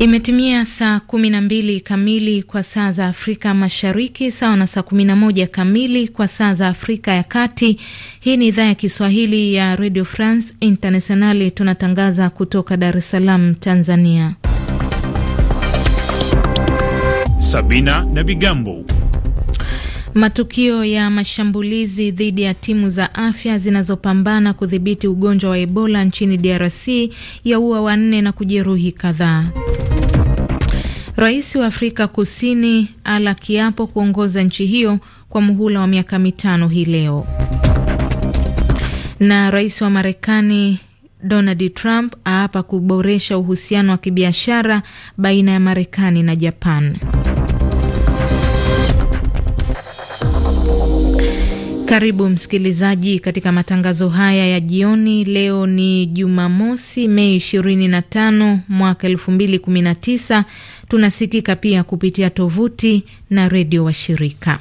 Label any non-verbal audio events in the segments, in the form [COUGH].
Imetimia saa 12 kamili kwa saa za Afrika Mashariki, sawa na saa 11 kamili kwa saa za Afrika ya Kati. Hii ni idhaa ya Kiswahili ya Radio France Internationali, tunatangaza kutoka Dar es Salaam, Tanzania. Sabina na Bigambo. Matukio ya mashambulizi dhidi ya timu za afya zinazopambana kudhibiti ugonjwa wa Ebola nchini DRC yaua wanne na kujeruhi kadhaa. Rais wa Afrika Kusini ala kiapo kuongoza nchi hiyo kwa muhula wa miaka mitano hii leo. Na rais wa Marekani Donald Trump aapa kuboresha uhusiano wa kibiashara baina ya Marekani na Japan. Karibu msikilizaji katika matangazo haya ya jioni. Leo ni Jumamosi, Mei 25 mwaka 2019. Tunasikika pia kupitia tovuti na redio washirika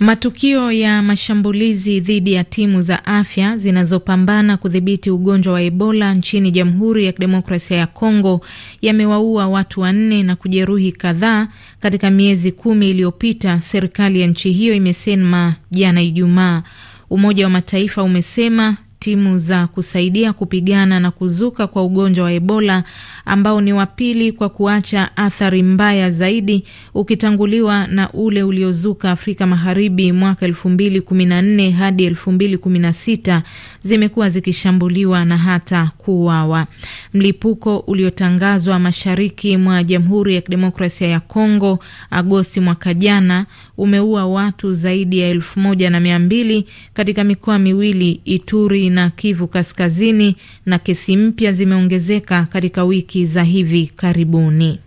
Matukio ya mashambulizi dhidi ya timu za afya zinazopambana kudhibiti ugonjwa wa Ebola nchini Jamhuri ya Kidemokrasia ya Kongo yamewaua watu wanne na kujeruhi kadhaa katika miezi kumi iliyopita, serikali ya nchi hiyo imesema jana Ijumaa. Umoja wa Mataifa umesema timu za kusaidia kupigana na kuzuka kwa ugonjwa wa Ebola ambao ni wa pili kwa kuacha athari mbaya zaidi ukitanguliwa na ule uliozuka Afrika Magharibi mwaka 2014 hadi 2016 zimekuwa zikishambuliwa na hata kuuawa. Mlipuko uliotangazwa mashariki mwa Jamhuri ya Kidemokrasia ya Kongo Agosti mwaka jana umeua watu zaidi ya elfu moja na mia mbili katika mikoa miwili Ituri na Kivu Kaskazini, na kesi mpya zimeongezeka katika wiki za hivi karibuni.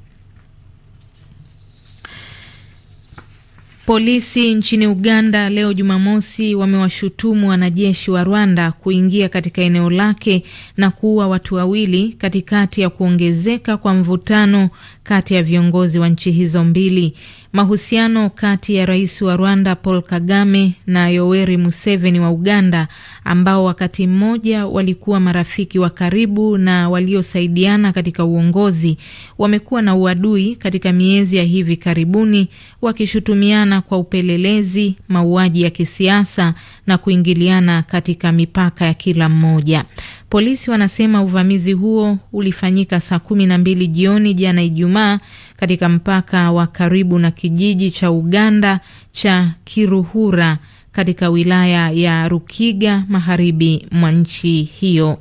Polisi nchini Uganda leo Jumamosi wamewashutumu wanajeshi wa Rwanda kuingia katika eneo lake na kuua watu wawili katikati ya kuongezeka kwa mvutano kati ya viongozi wa nchi hizo mbili. Mahusiano kati ya rais wa Rwanda Paul Kagame na Yoweri Museveni wa Uganda, ambao wakati mmoja walikuwa marafiki wa karibu na waliosaidiana katika uongozi, wamekuwa na uadui katika miezi ya hivi karibuni, wakishutumiana kwa upelelezi, mauaji ya kisiasa na kuingiliana katika mipaka ya kila mmoja. Polisi wanasema uvamizi huo ulifanyika saa kumi na mbili jioni jana Ijumaa katika mpaka wa karibu na kijiji cha Uganda cha Kiruhura katika wilaya ya Rukiga magharibi mwa nchi hiyo.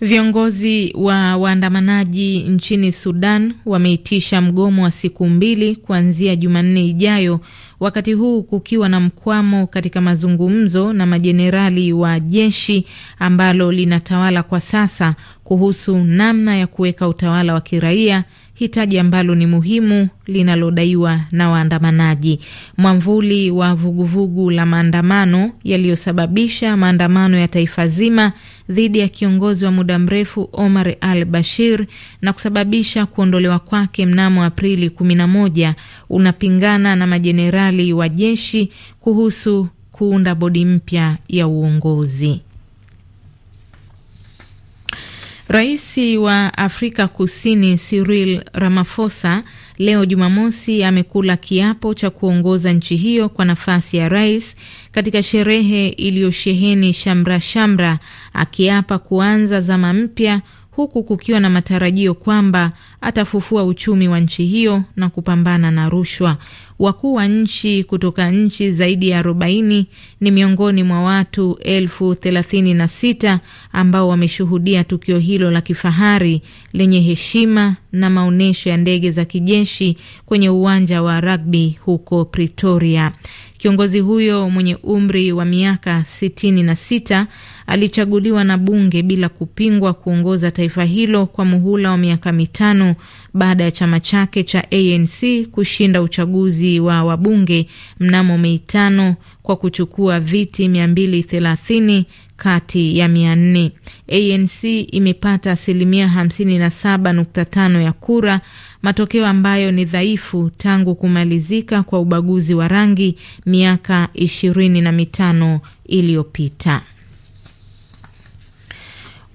Viongozi wa waandamanaji nchini Sudan wameitisha mgomo wa siku mbili kuanzia Jumanne ijayo wakati huu kukiwa na mkwamo katika mazungumzo na majenerali wa jeshi ambalo linatawala kwa sasa kuhusu namna ya kuweka utawala wa kiraia hitaji ambalo ni muhimu linalodaiwa na waandamanaji. Mwamvuli wa vuguvugu la maandamano yaliyosababisha maandamano ya taifa zima dhidi ya kiongozi wa muda mrefu Omar al Bashir na kusababisha kuondolewa kwake mnamo Aprili 11 unapingana na majenerali wa jeshi kuhusu kuunda bodi mpya ya uongozi. Rais wa Afrika Kusini Cyril Ramaphosa leo Jumamosi amekula kiapo cha kuongoza nchi hiyo kwa nafasi ya rais katika sherehe iliyosheheni shamra shamra, akiapa kuanza zama mpya huku kukiwa na matarajio kwamba atafufua uchumi wa nchi hiyo na kupambana na rushwa. Wakuu wa nchi kutoka nchi zaidi ya arobaini ni miongoni mwa watu elfu thelathini na sita ambao wameshuhudia tukio hilo la kifahari lenye heshima na maonyesho ya ndege za kijeshi kwenye uwanja wa rugby huko Pretoria. Kiongozi huyo mwenye umri wa miaka sitini na sita alichaguliwa na bunge bila kupingwa kuongoza taifa hilo kwa muhula wa miaka mitano baada ya chama chake cha ANC kushinda uchaguzi wa wabunge mnamo Mei tano kwa kuchukua viti thelathini kati ya mia nne. ANC imepata asilimia tano ya kura matokeo ambayo ni dhaifu tangu kumalizika kwa ubaguzi wa rangi miaka ishirini na mitano iliyopita.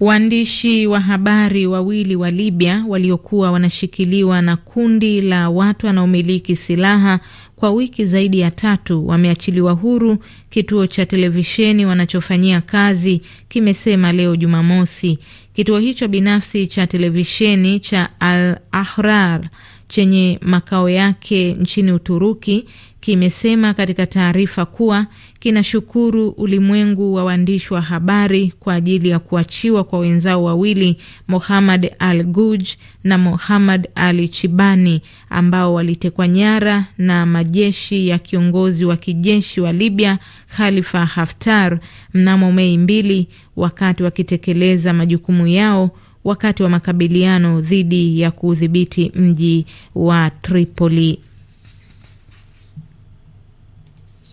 Waandishi wa habari wawili wa Libya waliokuwa wanashikiliwa na kundi la watu wanaomiliki silaha kwa wiki zaidi ya tatu wameachiliwa huru, kituo cha televisheni wanachofanyia kazi kimesema leo Jumamosi. Kituo hicho binafsi cha televisheni cha Al Ahrar chenye makao yake nchini Uturuki kimesema katika taarifa kuwa kinashukuru ulimwengu wa waandishi wa habari kwa ajili ya kuachiwa kwa wenzao wawili Mohamad Al Guj na Mohamad al Chibani ambao walitekwa nyara na majeshi ya kiongozi wa kijeshi wa Libya Khalifa Haftar mnamo Mei mbili wakati wakitekeleza majukumu yao wakati wa makabiliano dhidi ya kuudhibiti mji wa Tripoli.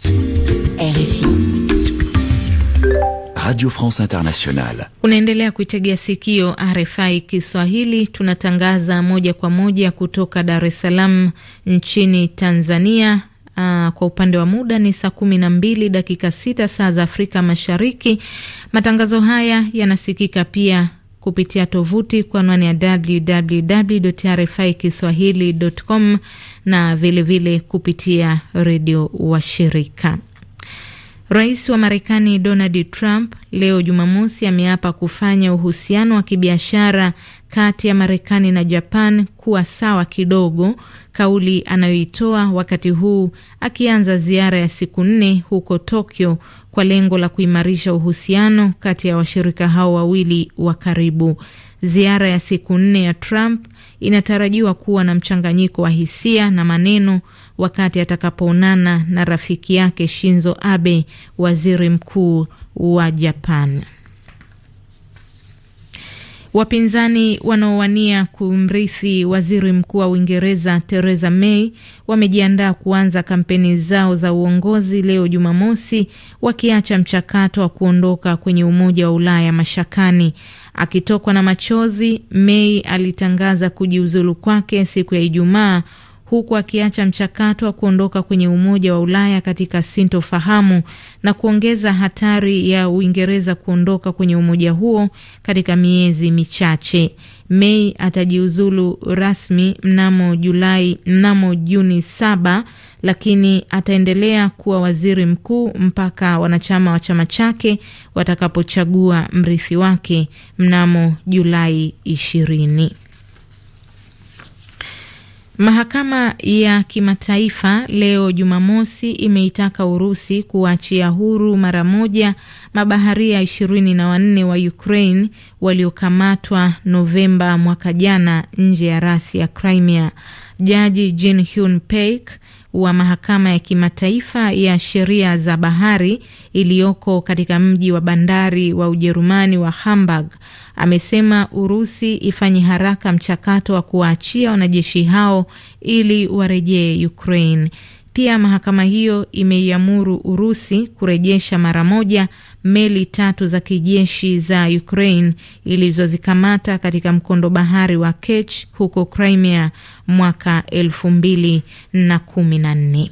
RFI Radio France Internationale. Unaendelea kuitegea sikio RFI Kiswahili, tunatangaza moja kwa moja kutoka Dar es Salaam nchini Tanzania. Aa, ah, kwa upande wa muda ni saa kumi na mbili dakika sita saa za Afrika Mashariki. Matangazo haya yanasikika pia kupitia tovuti kwa anwani ya www RFI kiswahili.com na vilevile vile kupitia redio wa shirika. Rais wa Marekani Donald Trump leo Jumamosi ameapa kufanya uhusiano wa kibiashara kati ya Marekani na Japan kuwa sawa kidogo, kauli anayoitoa wakati huu akianza ziara ya siku nne huko Tokyo kwa lengo la kuimarisha uhusiano kati ya washirika hao wawili wa karibu. Ziara ya siku nne ya Trump inatarajiwa kuwa na mchanganyiko wa hisia na maneno wakati atakapoonana na rafiki yake Shinzo Abe, waziri mkuu wa Japan. Wapinzani wanaowania kumrithi waziri mkuu wa Uingereza Theresa May wamejiandaa kuanza kampeni zao za uongozi leo Jumamosi, wakiacha mchakato wa kuondoka kwenye Umoja wa Ulaya mashakani. Akitokwa na machozi, May alitangaza kujiuzulu kwake siku ya Ijumaa huku akiacha mchakato wa kuondoka kwenye Umoja wa Ulaya katika sintofahamu na kuongeza hatari ya Uingereza kuondoka kwenye umoja huo katika miezi michache. May atajiuzulu rasmi mnamo Julai, mnamo Juni saba, lakini ataendelea kuwa waziri mkuu mpaka wanachama wa chama chake watakapochagua mrithi wake mnamo Julai ishirini. Mahakama ya kimataifa leo Jumamosi imeitaka Urusi kuachia huru mara moja mabaharia ishirini na wanne wa Ukraine waliokamatwa Novemba mwaka jana nje ya rasi ya Crimea. Jaji Jin Hyun Paik wa mahakama ya kimataifa ya sheria za bahari iliyoko katika mji wa bandari wa Ujerumani wa Hamburg amesema Urusi ifanye haraka mchakato wa kuwaachia wanajeshi hao ili warejee Ukraine. Pia mahakama hiyo imeiamuru Urusi kurejesha mara moja meli tatu za kijeshi za Ukraine ilizozikamata katika mkondo bahari wa Kerch huko Crimea mwaka elfu mbili na kumi na nne.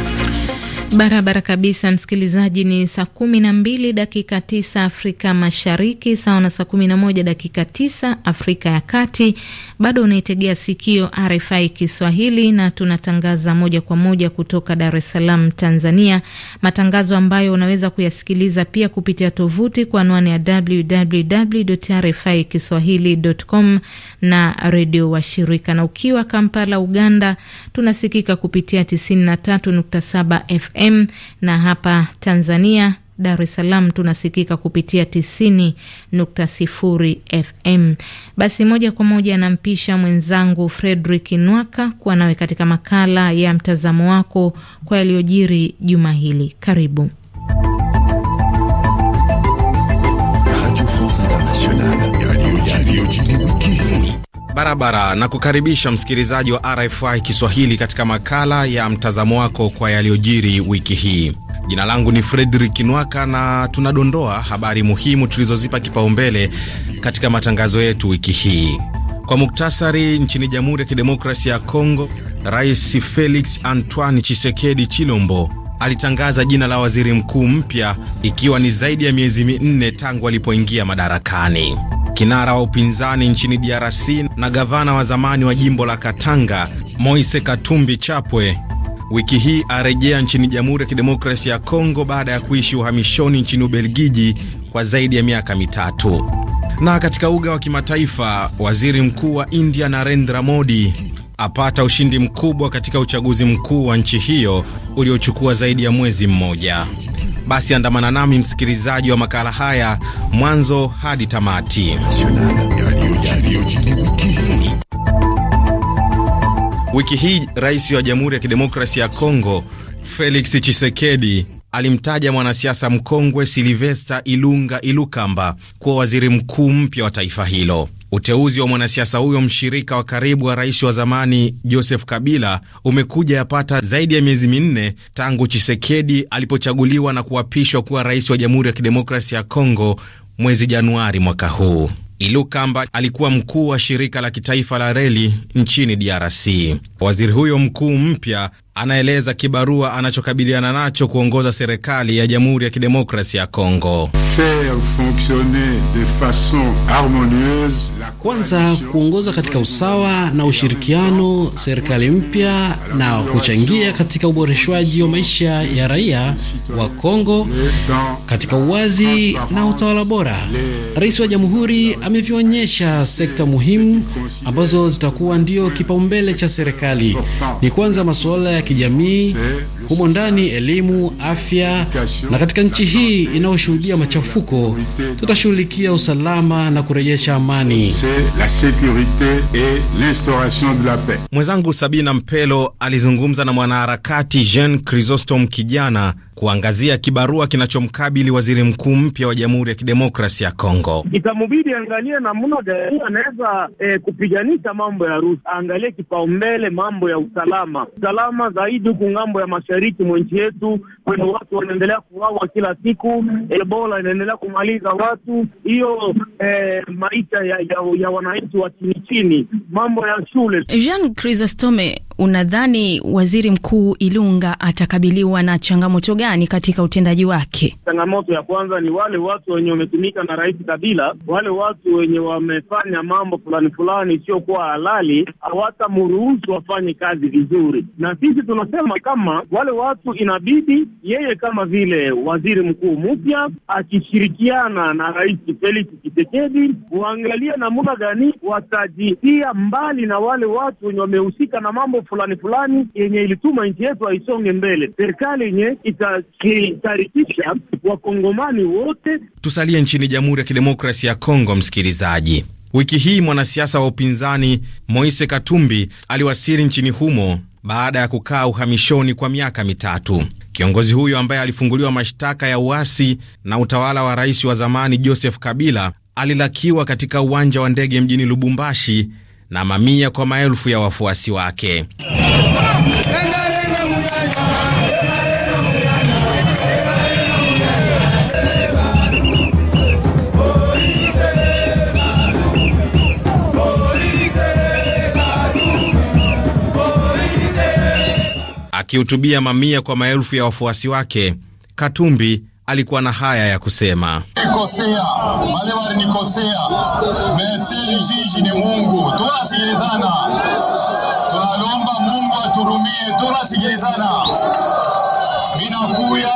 Barabara kabisa, msikilizaji. Ni saa kumi na mbili dakika tisa Afrika Mashariki, sawa na saa kumi na moja dakika tisa Afrika ya Kati. Bado unaitegea sikio RFI Kiswahili na tunatangaza moja kwa moja kutoka Dar es Salaam, Tanzania, matangazo ambayo unaweza kuyasikiliza pia kupitia tovuti kwa anwani ya www RFI kiswahilicom na redio wa shirika, na ukiwa Kampala, Uganda, tunasikika kupitia 93.7 FM FM na hapa Tanzania Dar es Salaam tunasikika kupitia tisini nukta sifuri FM. Basi moja kwa moja anampisha mwenzangu Fredrik Nwaka kuwa nawe katika makala ya mtazamo wako kwa yaliyojiri juma hili. Karibu Radio France Internationale barabara na kukaribisha msikilizaji wa RFI Kiswahili katika makala ya mtazamo wako kwa yaliyojiri wiki hii. Jina langu ni Fredrik Nwaka na tunadondoa habari muhimu tulizozipa kipaumbele katika matangazo yetu wiki hii. Kwa muktasari, nchini Jamhuri ya Kidemokrasia ya Kongo, Rais Felix Antoine Chisekedi Chilombo alitangaza jina la waziri mkuu mpya ikiwa ni zaidi ya miezi minne tangu alipoingia madarakani. Kinara wa upinzani nchini DRC na gavana wa zamani wa jimbo la Katanga Moise Katumbi Chapwe wiki hii arejea nchini Jamhuri ya Kidemokrasia ya Kongo baada ya kuishi uhamishoni nchini Ubelgiji kwa zaidi ya miaka mitatu. Na katika uga wa kimataifa, waziri mkuu wa India Narendra Modi apata ushindi mkubwa katika uchaguzi mkuu wa nchi hiyo uliochukua zaidi ya mwezi mmoja. Basi andamana nami msikilizaji wa makala haya mwanzo hadi tamati. Wiki hii rais wa Jamhuri ya Kidemokrasia ya Kongo Felix Tshisekedi alimtaja mwanasiasa mkongwe Silivesta Ilunga Ilukamba kuwa waziri mkuu mpya wa taifa hilo. Uteuzi wa mwanasiasa huyo mshirika wa karibu wa rais wa zamani Joseph Kabila umekuja yapata zaidi ya miezi minne tangu Chisekedi alipochaguliwa na kuapishwa kuwa rais wa Jamhuri ya Kidemokrasia ya Kongo mwezi Januari mwaka huu. Ilukamba alikuwa mkuu wa shirika la kitaifa la reli nchini DRC. Waziri huyo mkuu mpya anaeleza kibarua anachokabiliana nacho kuongoza serikali ya Jamhuri ya Kidemokrasia ya Kongo. Kwanza kuongoza katika usawa na ushirikiano serikali mpya na kuchangia katika uboreshwaji wa maisha ya raia wa Kongo katika uwazi na utawala bora. Rais wa Jamhuri amevionyesha sekta muhimu ambazo zitakuwa ndio kipaumbele cha serikali. Ni kwanza masuala ya ya kijamii, humo ndani elimu, afya, na katika nchi hii inayoshuhudia machafuko, tutashughulikia usalama na kurejesha amani. Mwenzangu Sabina Mpelo alizungumza na mwanaharakati Jean Chrysostom Kijana kuangazia kibarua kinachomkabili waziri mkuu mpya wa Jamhuri ya kidemokrasi ya Kongo. Itamubidi angalie namna gani anaweza e, kupiganisha mambo ya rusi, aangalie kipaumbele mambo ya usalama, usalama zaidi huku ng'ambo ya mashariki mwa nchi yetu, kwenye watu wanaendelea kuwawa kila siku, Ebola inaendelea kumaliza watu, hiyo e, maisha ya, ya, ya wananchi wa chini chini, mambo ya shule. Jean Chrysostome unadhani waziri mkuu Ilunga atakabiliwa na changamoto gani katika utendaji wake? Changamoto ya kwanza ni wale watu wenye wametumika na Rais Kabila, wale watu wenye wamefanya mambo fulani fulani isiyokuwa halali, hawatamruhusu wafanye kazi vizuri. Na sisi tunasema kama wale watu inabidi yeye kama vile waziri mkuu mpya akishirikiana na Rais Felix Tshisekedi waangalie namna gani watajitia mbali na wale watu wenye wamehusika na mambo fulani fulani yenye ilituma nchi yetu haisonge mbele, serikali yenye itakitarikisha wakongomani wote. Tusalie nchini Jamhuri ya Kidemokrasia ya Kongo, msikilizaji. Wiki hii mwanasiasa wa upinzani Moise Katumbi aliwasili nchini humo baada ya kukaa uhamishoni kwa miaka mitatu. Kiongozi huyo ambaye alifunguliwa mashtaka ya uasi na utawala wa rais wa zamani Joseph Kabila alilakiwa katika uwanja wa ndege mjini Lubumbashi na mamia kwa maelfu ya wafuasi wake. Akihutubia mamia kwa maelfu ya wafuasi wake, Katumbi alikuwa na haya ya kusema: nikosea wale wale, nikosea meseli jiji ni Mungu, tunasikilizana, tunalomba Mungu aturumie, tunasikilizana binakuya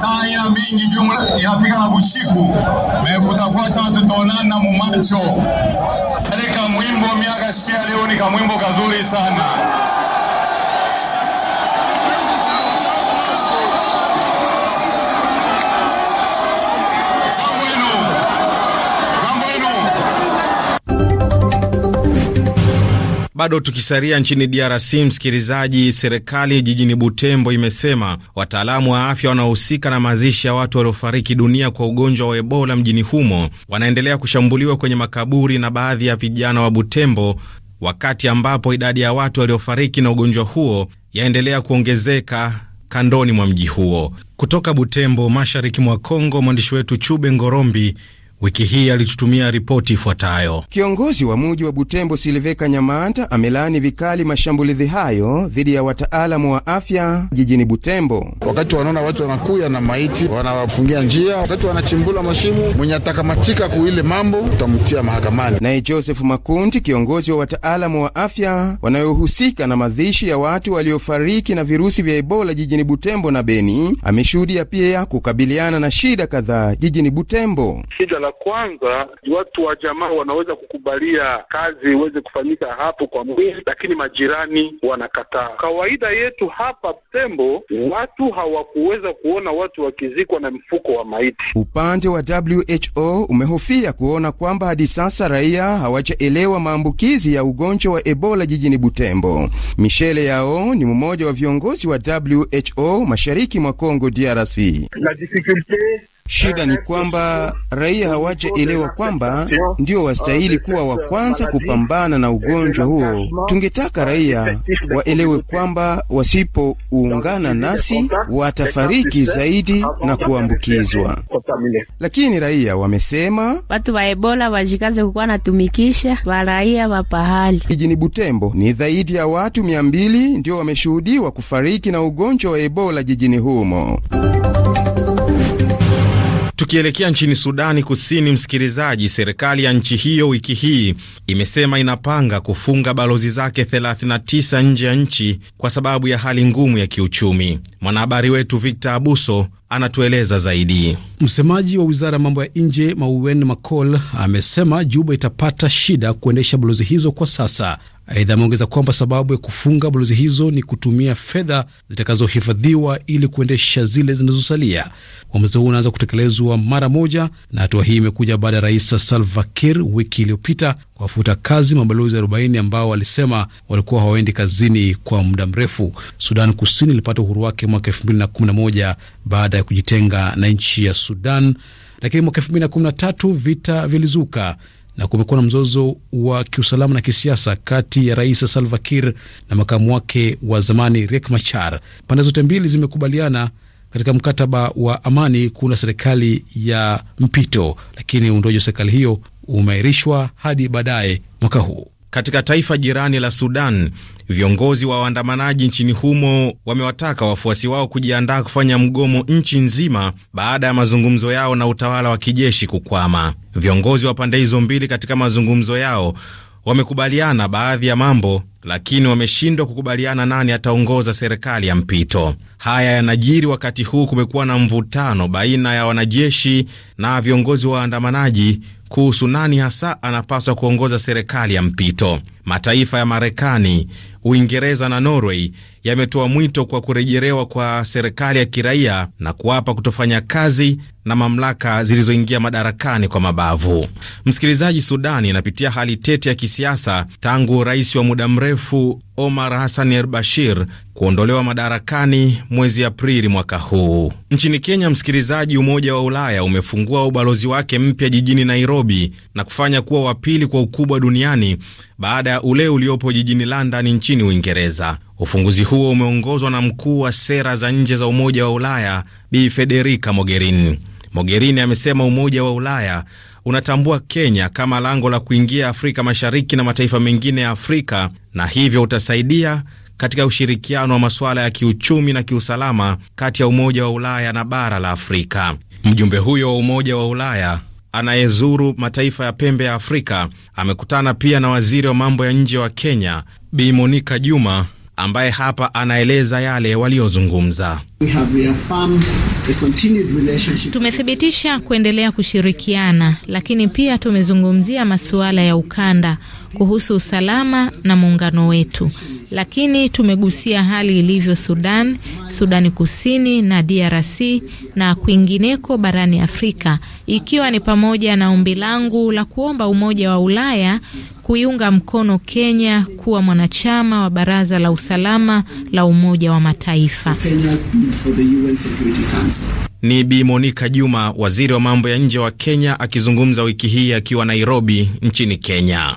taya mingi jumla yafika na bushiku mekutakwata tutaonana mumacho. Ile mwimbo miaka sikia leo ni kamwimbo kazuri sana. Bado tukisaria nchini DRC, msikilizaji, serikali jijini Butembo imesema wataalamu wa afya wanaohusika na mazishi ya watu waliofariki dunia kwa ugonjwa wa Ebola mjini humo wanaendelea kushambuliwa kwenye makaburi na baadhi ya vijana wa Butembo, wakati ambapo idadi ya watu waliofariki na ugonjwa huo yaendelea kuongezeka kandoni mwa mji huo. Kutoka Butembo, mashariki mwa Kongo, mwandishi wetu Chube Ngorombi wiki hii alitutumia ripoti ifuatayo. Kiongozi wa muji wa Butembo Silveka Nyamanta amelaani vikali mashambulizi hayo dhidi ya wataalamu wa afya jijini Butembo. Wakati wanaona watu wanakuya na maiti wanawafungia njia, wakati wanachimbula mashimo, mwenye atakamatika kuile mambo utamtia mahakamani. Naye Joseph Makunti, kiongozi wa wataalamu wa afya wanayohusika na madhishi ya watu waliofariki na virusi vya Ebola jijini Butembo na Beni, ameshuhudia pia kukabiliana na shida kadhaa jijini Butembo kwanza watu wa jamaa wanaweza kukubalia kazi iweze kufanyika hapo kwa mwezi, lakini majirani wanakataa. Kawaida yetu hapa Tembo, watu hawakuweza kuona watu wakizikwa na mfuko wa maiti. Upande wa WHO umehofia kuona kwamba hadi sasa raia hawajaelewa maambukizi ya ugonjwa wa Ebola jijini Butembo. Michele Yao ni mmoja wa viongozi wa WHO mashariki mwa Kongo DRC. La Shida ni kwamba raia hawajaelewa kwamba ndio wastahili kuwa wa kwanza kupambana na ugonjwa huo. Tungetaka raia waelewe kwamba wasipoungana nasi watafariki zaidi na kuambukizwa. Lakini raia wamesema watu wa Ebola wajikaze kukuwa natumikisha wa raia wa pahali jijini Butembo. Ni zaidi ya watu mia mbili ndio wameshuhudiwa kufariki na ugonjwa wa Ebola jijini humo. Tukielekea nchini Sudani Kusini, msikilizaji, serikali ya nchi hiyo wiki hii imesema inapanga kufunga balozi zake 39 nje ya nchi kwa sababu ya hali ngumu ya kiuchumi. Mwanahabari wetu Victor Abuso anatueleza zaidi. Msemaji wa wizara ya mambo ya nje Mauwen Macol amesema Juba itapata shida kuendesha balozi hizo kwa sasa. Aidha, ameongeza kwamba sababu ya kufunga balozi hizo ni kutumia fedha zitakazohifadhiwa ili kuendesha zile zinazosalia. Uamuzi huu unaanza kutekelezwa mara moja, na hatua hii imekuja baada ya Rais Salva Kiir wiki iliyopita kuwafuta kazi mabalozi 40 ambao walisema walikuwa hawaendi kazini kwa muda mrefu. Sudan Kusini ilipata uhuru wake mwaka 2011 baada ya kujitenga na nchi ya Sudan, lakini mwaka 2013 vita vilizuka na kumekuwa na mzozo wa kiusalama na kisiasa kati ya Rais Salva Kiir na makamu wake wa zamani Riek Machar. Pande zote mbili zimekubaliana katika mkataba wa amani kuunda serikali ya mpito, lakini uundoji wa serikali hiyo umeahirishwa hadi baadaye mwaka huu. Katika taifa jirani la Sudan, viongozi wa waandamanaji nchini humo wamewataka wafuasi wao kujiandaa kufanya mgomo nchi nzima baada ya mazungumzo yao na utawala wa kijeshi kukwama. Viongozi wa pande hizo mbili katika mazungumzo yao wamekubaliana baadhi ya mambo lakini wameshindwa kukubaliana nani ataongoza serikali ya mpito. Haya yanajiri wakati huu kumekuwa na mvutano baina ya wanajeshi na viongozi wa waandamanaji kuhusu nani hasa anapaswa kuongoza serikali ya mpito. Mataifa ya Marekani, Uingereza na Norway yametoa mwito kwa kurejerewa kwa serikali ya kiraia na kuapa kutofanya kazi na mamlaka zilizoingia madarakani kwa mabavu. Msikilizaji, Sudani inapitia hali tete ya kisiasa tangu rais wa muda mrefu Omar Hassan al Bashir kuondolewa madarakani mwezi Aprili mwaka huu. Nchini Kenya, msikilizaji, Umoja wa Ulaya umefungua ubalozi wake mpya jijini Nairobi na kufanya kuwa wa pili kwa ukubwa duniani baada ya ule uliopo jijini London nchini Uingereza. Ufunguzi huo umeongozwa na mkuu wa sera za nje za Umoja wa Ulaya Bi Federica Mogherini. Mogherini amesema Umoja wa Ulaya unatambua Kenya kama lango la kuingia Afrika Mashariki na mataifa mengine ya Afrika na hivyo utasaidia katika ushirikiano wa masuala ya kiuchumi na kiusalama kati ya Umoja wa Ulaya na bara la Afrika. Mjumbe huyo wa Umoja wa Ulaya anayezuru mataifa ya pembe ya Afrika amekutana pia na waziri wa mambo ya nje wa Kenya Bi Monica Juma ambaye hapa anaeleza yale waliozungumza. Tumethibitisha kuendelea kushirikiana, lakini pia tumezungumzia masuala ya ukanda kuhusu usalama na muungano wetu, lakini tumegusia hali ilivyo Sudan, Sudani Kusini na DRC na kwingineko barani Afrika, ikiwa ni pamoja na ombi langu la kuomba Umoja wa Ulaya kuiunga mkono Kenya kuwa mwanachama wa Baraza la Usalama la Umoja wa Mataifa. Ni Bi Monica Juma, waziri wa mambo ya nje wa Kenya, akizungumza wiki hii akiwa Nairobi nchini Kenya.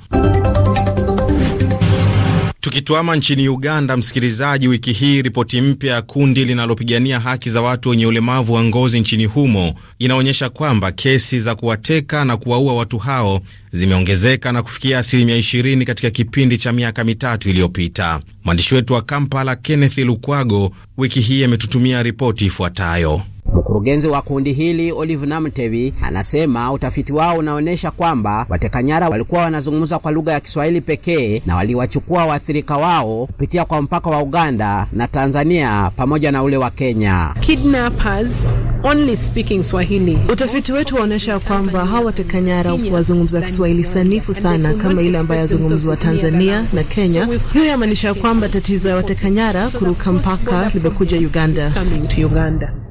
Tukitwama nchini Uganda, msikilizaji, wiki hii ripoti mpya ya kundi linalopigania haki za watu wenye ulemavu wa ngozi nchini humo inaonyesha kwamba kesi za kuwateka na kuwaua watu hao zimeongezeka na kufikia asilimia 20 katika kipindi cha miaka mitatu iliyopita. Mwandishi wetu wa Kampala, Kenneth Lukwago, wiki hii ametutumia ripoti ifuatayo. Mkurugenzi wa kundi hili Olive Namtevi anasema utafiti wao unaonyesha kwamba watekanyara walikuwa wanazungumza kwa lugha ya Kiswahili pekee na waliwachukua waathirika wao kupitia kwa mpaka wa Uganda na Tanzania pamoja na ule wa Kenya. Kidnappers only speaking Swahili. Utafiti wetu waonyesha kwamba hawa watekanyara wazungumza Kiswahili sanifu sana kama ile ambayo yazungumzwa Tanzania na Kenya. Hiyo yamaanisha kwamba tatizo ya watekanyara kuruka mpaka limekuja Uganda.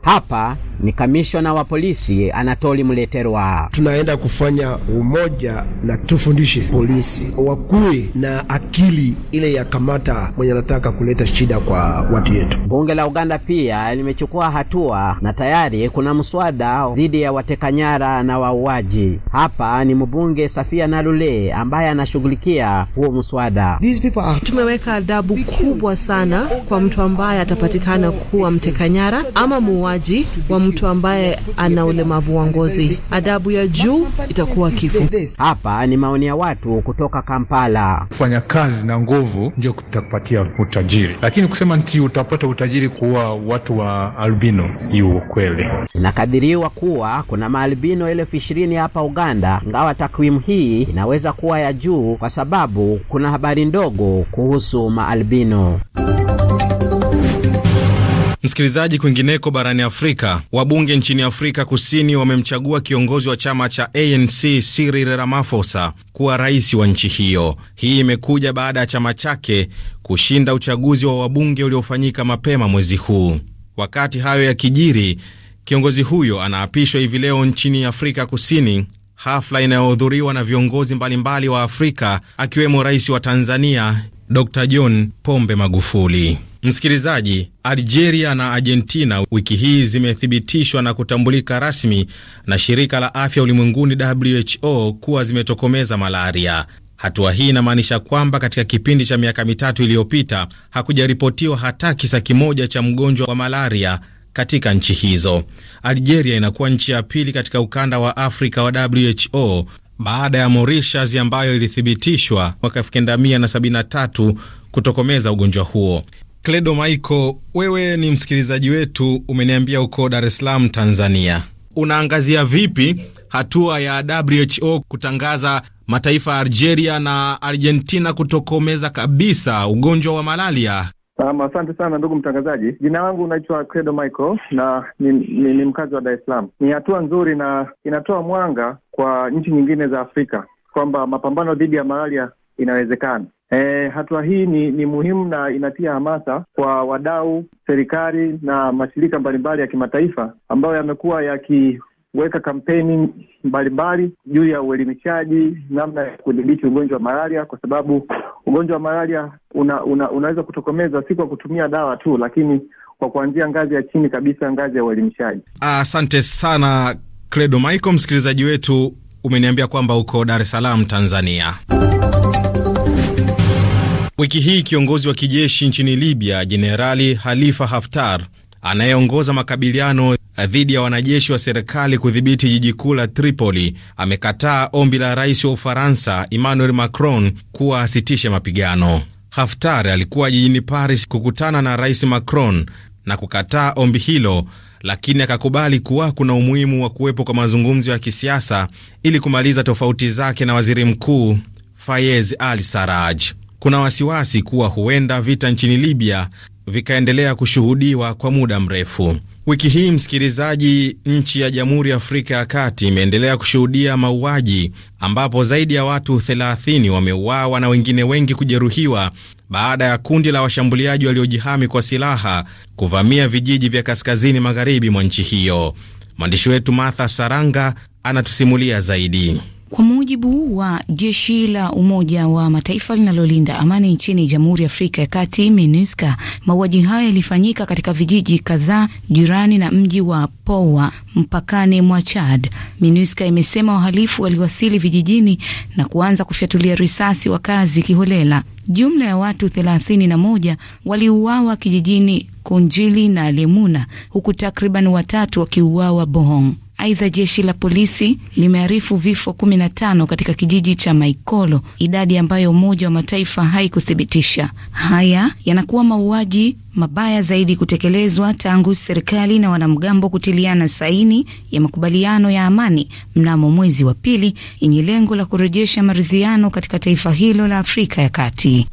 Rapa. ni kamishona wa polisi Anatoli Mleterwa. Tunaenda kufanya umoja na tufundishe polisi wakuwe na akili ile ya kamata mwenye anataka kuleta shida kwa watu yetu. Bunge la Uganda pia limechukua hatua na tayari kuna mswada dhidi ya watekanyara na wauaji. Hapa ni mbunge Safia Nalule ambaye anashughulikia huo mswada. Tumeweka adabu kubwa sana kwa mtu ambaye atapatikana kuwa mtekanyara ama muuaji wa mtu mtu ambaye ana ulemavu wa ngozi. Adabu ya juu itakuwa kifo. Hapa ni maoni ya watu kutoka Kampala. Kufanya kazi na nguvu ndio kutapatia utajiri, lakini kusema nti utapata utajiri kuwa watu wa albino si ukweli. Inakadiriwa kuwa kuna maalbino elfu ishirini hapa Uganda, ingawa takwimu hii inaweza kuwa ya juu kwa sababu kuna habari ndogo kuhusu maalbino. Msikilizaji, kwingineko barani Afrika, wabunge nchini Afrika Kusini wamemchagua kiongozi wa chama cha ANC Cyril Ramaphosa kuwa rais wa nchi hiyo. Hii imekuja baada ya chama chake kushinda uchaguzi wa wabunge uliofanyika mapema mwezi huu. Wakati hayo yakijiri, kiongozi huyo anaapishwa hivi leo nchini Afrika Kusini, hafla inayohudhuriwa na viongozi mbalimbali wa Afrika akiwemo rais wa Tanzania Dr John Pombe Magufuli. Msikilizaji, Algeria na Argentina wiki hii zimethibitishwa na kutambulika rasmi na shirika la afya ulimwenguni WHO kuwa zimetokomeza malaria. Hatua hii inamaanisha kwamba katika kipindi cha miaka mitatu iliyopita hakujaripotiwa hata kisa kimoja cha mgonjwa wa malaria katika nchi hizo. Algeria inakuwa nchi ya pili katika ukanda wa Afrika wa WHO baada ya Mauritius ambayo ilithibitishwa mwaka 1973 kutokomeza ugonjwa huo. Kledo Maiko, wewe ni msikilizaji wetu, umeniambia uko Dar es Salaam, Tanzania. Unaangazia vipi hatua ya WHO kutangaza mataifa ya Algeria na Argentina kutokomeza kabisa ugonjwa wa malaria? Um, asante sana ndugu mtangazaji. Jina langu unaitwa Credo Michael na ni, ni, ni mkazi wa Dar es Salaam. Ni hatua nzuri na inatoa mwanga kwa nchi nyingine za Afrika kwamba mapambano dhidi ya malaria inawezekana. E, hatua hii ni, ni muhimu na inatia hamasa kwa wadau, serikali na mashirika mbalimbali ya kimataifa ambayo yamekuwa yaki kuweka kampeni mbalimbali juu ya uelimishaji namna ya kudhibiti ugonjwa wa malaria, kwa sababu ugonjwa wa malaria una, una, unaweza kutokomeza si kwa kutumia dawa tu, lakini kwa kuanzia ngazi ya chini kabisa, ngazi ya uelimishaji. Asante sana Credo Michael, msikilizaji wetu, umeniambia kwamba uko Dar es Salaam, Tanzania. Wiki hii kiongozi wa kijeshi nchini Libya Jenerali Halifa Haftar anayeongoza makabiliano eh, dhidi ya wanajeshi wa serikali kudhibiti jiji kuu la Tripoli amekataa ombi la rais wa Ufaransa Emmanuel Macron kuwa asitishe mapigano. Haftar alikuwa jijini Paris kukutana na rais Macron na kukataa ombi hilo, lakini akakubali kuwa kuna umuhimu wa kuwepo kwa mazungumzo ya kisiasa ili kumaliza tofauti zake na waziri mkuu Fayez al Saraj. Kuna wasiwasi kuwa huenda vita nchini Libya vikaendelea kushuhudiwa kwa muda mrefu. Wiki hii msikilizaji, nchi ya Jamhuri ya Afrika ya Kati imeendelea kushuhudia mauaji ambapo zaidi ya watu 30 wameuawa na wengine wengi kujeruhiwa baada ya kundi la washambuliaji waliojihami kwa silaha kuvamia vijiji vya kaskazini magharibi mwa nchi hiyo. Mwandishi wetu Martha Saranga anatusimulia zaidi. Kwa mujibu wa jeshi la Umoja wa Mataifa linalolinda amani nchini Jamhuri ya Afrika ya Kati, MINUSCA, mauaji hayo yalifanyika katika vijiji kadhaa jirani na mji wa Poa mpakani mwa Chad. MINUSCA imesema wahalifu waliwasili vijijini na kuanza kufyatulia risasi wakazi kiholela. Jumla ya watu thelathini na moja waliuawa kijijini Kunjili na Lemuna, huku takriban watatu wakiuawa Bohong. Aidha, jeshi la polisi limearifu vifo 15 katika kijiji cha Maikolo, idadi ambayo Umoja wa Mataifa haikuthibitisha. Haya yanakuwa mauaji mabaya zaidi kutekelezwa tangu serikali na wanamgambo kutiliana saini ya makubaliano ya amani mnamo mwezi wa pili yenye lengo la kurejesha maridhiano katika taifa hilo la Afrika ya Kati.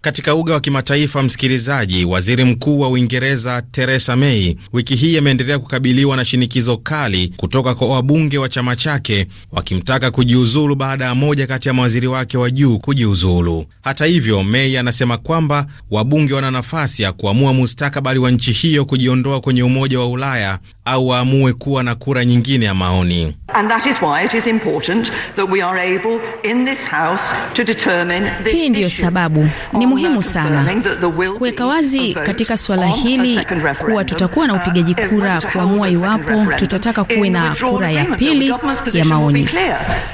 Katika uga wa kimataifa, msikilizaji, waziri mkuu wa Uingereza Theresa May wiki hii ameendelea kukabiliwa na shinikizo kali kutoka kwa wabunge wa chama chake wakimtaka kujiuzulu baada ya moja kati ya mawaziri wake wa juu kujiuzulu. Hata hivyo, May anasema kwamba wabunge wana nafasi ya kuamua mustakabali wa nchi hiyo kujiondoa kwenye Umoja wa Ulaya au waamue kuwa na kura nyingine ya maoni. Hii ndiyo sababu ni muhimu sana kuweka wazi katika suala hili kuwa tutakuwa na uh, upigaji kura kuamua iwapo tutataka kuwe na kura ya pili ya maoni,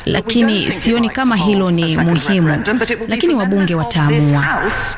lakini sioni kama hilo ni muhimu, lakini wabunge wataamua.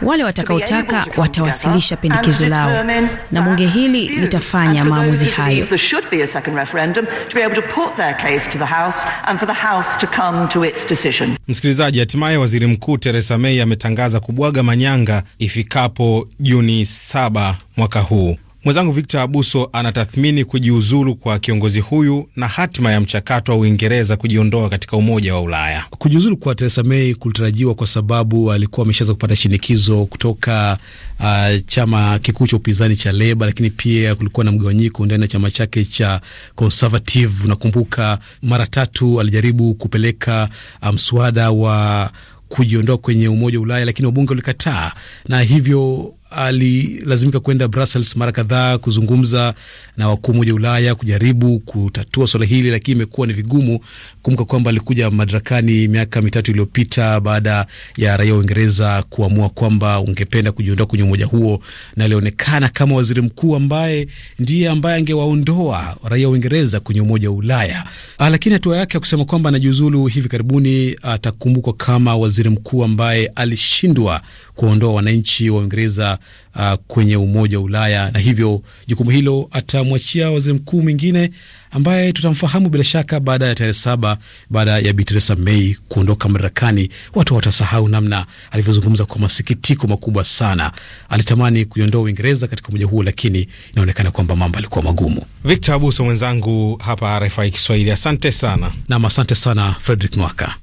Wale watakaotaka watawasilisha pendekezo lao na bunge hili litafanya maamuzi hayo believe there should be a second referendum to be able to put their case to the House and for the House to come to its decision. Msikilizaji, hatimaye waziri mkuu Theresa May ametangaza kubwaga manyanga ifikapo Juni saba mwaka huu. Mwenzangu Victor Abuso anatathmini kujiuzulu kwa kiongozi huyu na hatima ya mchakato wa Uingereza kujiondoa katika Umoja wa Ulaya. Kujiuzulu kwa Theresa May kulitarajiwa kwa sababu alikuwa ameshaweza kupata shinikizo kutoka uh, chama kikuu cha upinzani cha Leba, lakini pia kulikuwa na mgawanyiko ndani ya chama chake cha Conservative. Unakumbuka mara tatu alijaribu kupeleka um, mswada um, wa kujiondoa kwenye umoja wa Ulaya, lakini wabunge walikataa, na hivyo alilazimika kwenda Brussels mara kadhaa kuzungumza na wakuu Umoja wa Ulaya kujaribu kutatua swala hili, lakini imekuwa ni vigumu. Kumbuka kwamba alikuja madarakani miaka mitatu iliyopita baada ya raia wa Uingereza kuamua kwamba ungependa kujiondoa kwenye umoja huo, na alionekana kama waziri mkuu ambaye ndiye ambaye angewaondoa raia wa Uingereza kwenye Umoja wa Ulaya. Ah, lakini hatua yake ya kusema kwamba anajiuzulu hivi karibuni atakumbukwa kama waziri mkuu ambaye alishindwa kuondoa wananchi wa Uingereza uh, kwenye Umoja wa Ulaya, na hivyo jukumu hilo atamwachia waziri mkuu mwingine ambaye tutamfahamu bila shaka baada ya tarehe saba, baada ya Bi Theresa May kuondoka madarakani. Watu watasahau namna alivyozungumza kwa masikitiko makubwa sana. Alitamani kuiondoa Uingereza katika umoja huo, lakini inaonekana kwamba mambo alikuwa magumu. Victor Abuso mwenzangu hapa RFI Kiswahili, asante sana. Nam, asante sana Fredrick Mwaka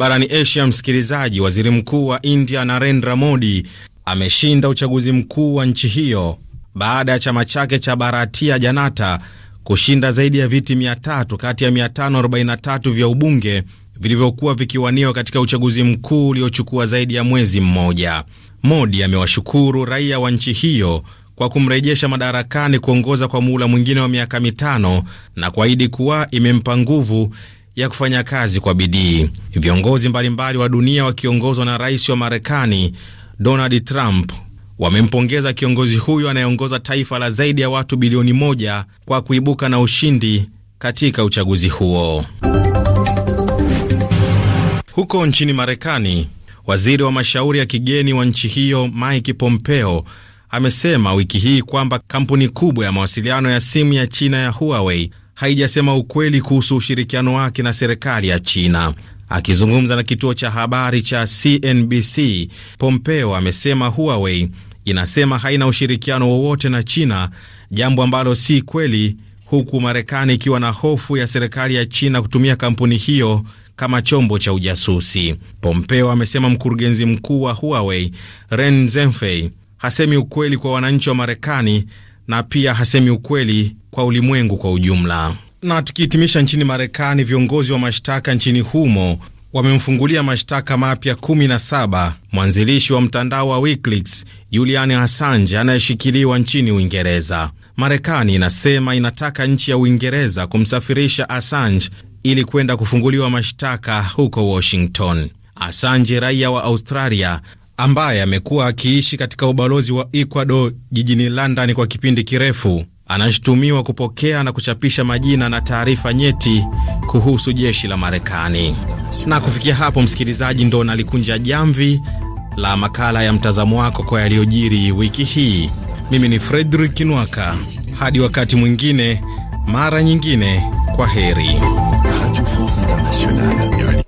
barani Asia. Msikilizaji, waziri mkuu wa India Narendra Modi ameshinda uchaguzi mkuu wa nchi hiyo baada ya chama chake cha Bharatiya Janata kushinda zaidi ya viti 300 kati ya 543 vya ubunge vilivyokuwa vikiwaniwa katika uchaguzi mkuu uliochukua zaidi ya mwezi mmoja. Modi amewashukuru raia wa nchi hiyo kwa kumrejesha madarakani kuongoza kwa muhula mwingine wa miaka mitano na kuahidi kuwa imempa nguvu ya kufanya kazi kwa bidii. Viongozi mbalimbali wa dunia wakiongozwa na rais wa Marekani Donald Trump wamempongeza kiongozi huyo anayeongoza taifa la zaidi ya watu bilioni moja kwa kuibuka na ushindi katika uchaguzi huo. Huko nchini Marekani, waziri wa mashauri ya kigeni wa nchi hiyo Mike Pompeo amesema wiki hii kwamba kampuni kubwa ya mawasiliano ya simu ya China ya Huawei haijasema ukweli kuhusu ushirikiano wake na serikali ya China. Akizungumza na kituo cha habari cha CNBC, Pompeo amesema Huawei inasema haina ushirikiano wowote na China, jambo ambalo si kweli, huku Marekani ikiwa na hofu ya serikali ya China kutumia kampuni hiyo kama chombo cha ujasusi. Pompeo amesema mkurugenzi mkuu wa Huawei Ren Zhengfei hasemi ukweli kwa wananchi wa Marekani na pia hasemi ukweli kwa ulimwengu kwa ujumla. Na tukihitimisha nchini Marekani, viongozi wa mashtaka nchini humo wamemfungulia mashtaka mapya 17 mwanzilishi wa mtandao wa WikiLeaks Julian Assange anayeshikiliwa nchini Uingereza. Marekani inasema inataka nchi ya Uingereza kumsafirisha Assange ili kwenda kufunguliwa mashtaka huko Washington. Assange, raia wa Australia, ambaye amekuwa akiishi katika ubalozi wa Ecuador jijini London kwa kipindi kirefu, anashutumiwa kupokea na kuchapisha majina na taarifa nyeti kuhusu jeshi la Marekani. Na kufikia hapo, msikilizaji, ndo nalikunja jamvi la makala ya mtazamo wako kwa yaliyojiri wiki hii. Mimi ni Fredrik Nwaka, hadi wakati mwingine, mara nyingine, kwa heri. Radio France Internationale.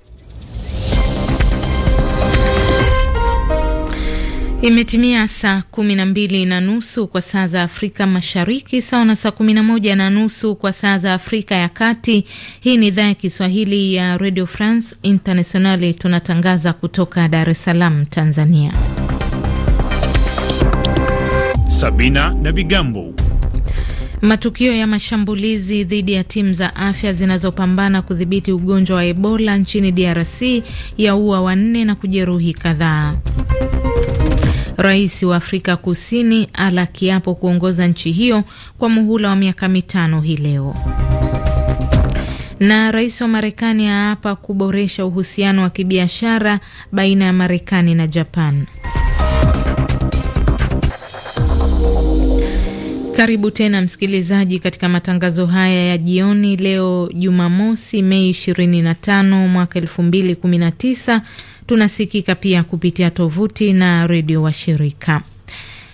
Imetimia saa kumi na mbili na nusu kwa saa za Afrika Mashariki, sawa na saa kumi na moja na nusu kwa saa za Afrika ya Kati. Hii ni idhaa ya Kiswahili ya Radio France Internationale, tunatangaza kutoka Dar es Salaam, Tanzania. Sabina na Bigambo. Matukio ya mashambulizi dhidi ya timu za afya zinazopambana kudhibiti ugonjwa wa Ebola nchini DRC yaua wanne na kujeruhi kadhaa. Rais wa Afrika Kusini ala kiapo kuongoza nchi hiyo kwa muhula wa miaka mitano hii leo. Na rais wa Marekani aapa kuboresha uhusiano wa kibiashara baina ya Marekani na Japan. Karibu tena msikilizaji, katika matangazo haya ya jioni leo Jumamosi, Mei 25 mwaka 2019. Tunasikika pia kupitia tovuti na redio wa shirika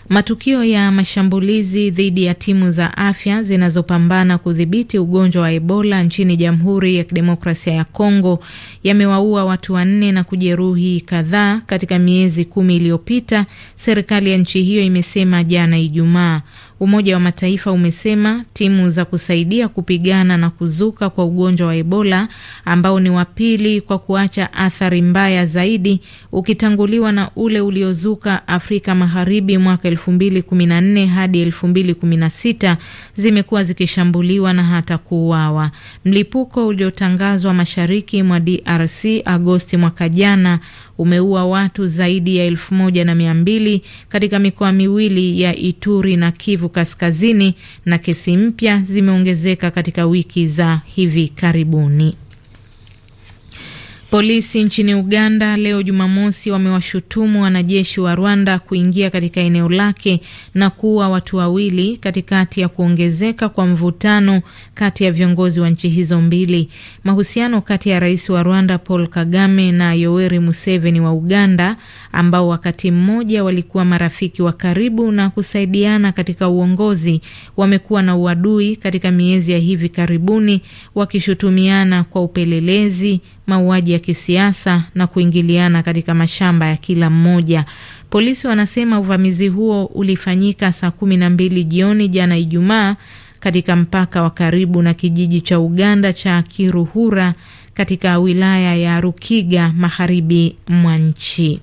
Matukio ya mashambulizi dhidi ya timu za afya zinazopambana kudhibiti ugonjwa wa Ebola nchini Jamhuri ya Kidemokrasia ya Kongo yamewaua watu wanne na kujeruhi kadhaa katika miezi kumi iliyopita, serikali ya nchi hiyo imesema jana Ijumaa. Umoja wa Mataifa umesema timu za kusaidia kupigana na kuzuka kwa ugonjwa wa Ebola ambao ni wa pili kwa kuacha athari mbaya zaidi ukitanguliwa na ule uliozuka Afrika Magharibi mwaka 2014 hadi 2016 zimekuwa zikishambuliwa na hata kuuawa. Mlipuko uliotangazwa mashariki mwa DRC Agosti mwaka jana umeua watu zaidi ya elfu moja na mia mbili katika mikoa miwili ya Ituri na Kivu Kaskazini, na kesi mpya zimeongezeka katika wiki za hivi karibuni. Polisi nchini Uganda leo Jumamosi wamewashutumu wanajeshi wa Rwanda kuingia katika eneo lake na kuua watu wawili katikati ya kuongezeka kwa mvutano kati ya viongozi wa nchi hizo mbili. Mahusiano kati ya rais wa Rwanda Paul Kagame na Yoweri Museveni wa Uganda, ambao wakati mmoja walikuwa marafiki wa karibu na kusaidiana katika uongozi, wamekuwa na uadui katika miezi ya hivi karibuni, wakishutumiana kwa upelelezi mauaji ya kisiasa na kuingiliana katika mashamba ya kila mmoja. Polisi wanasema uvamizi huo ulifanyika saa kumi na mbili jioni jana Ijumaa katika mpaka wa karibu na kijiji cha Uganda cha Kiruhura katika wilaya ya Rukiga magharibi mwa nchi.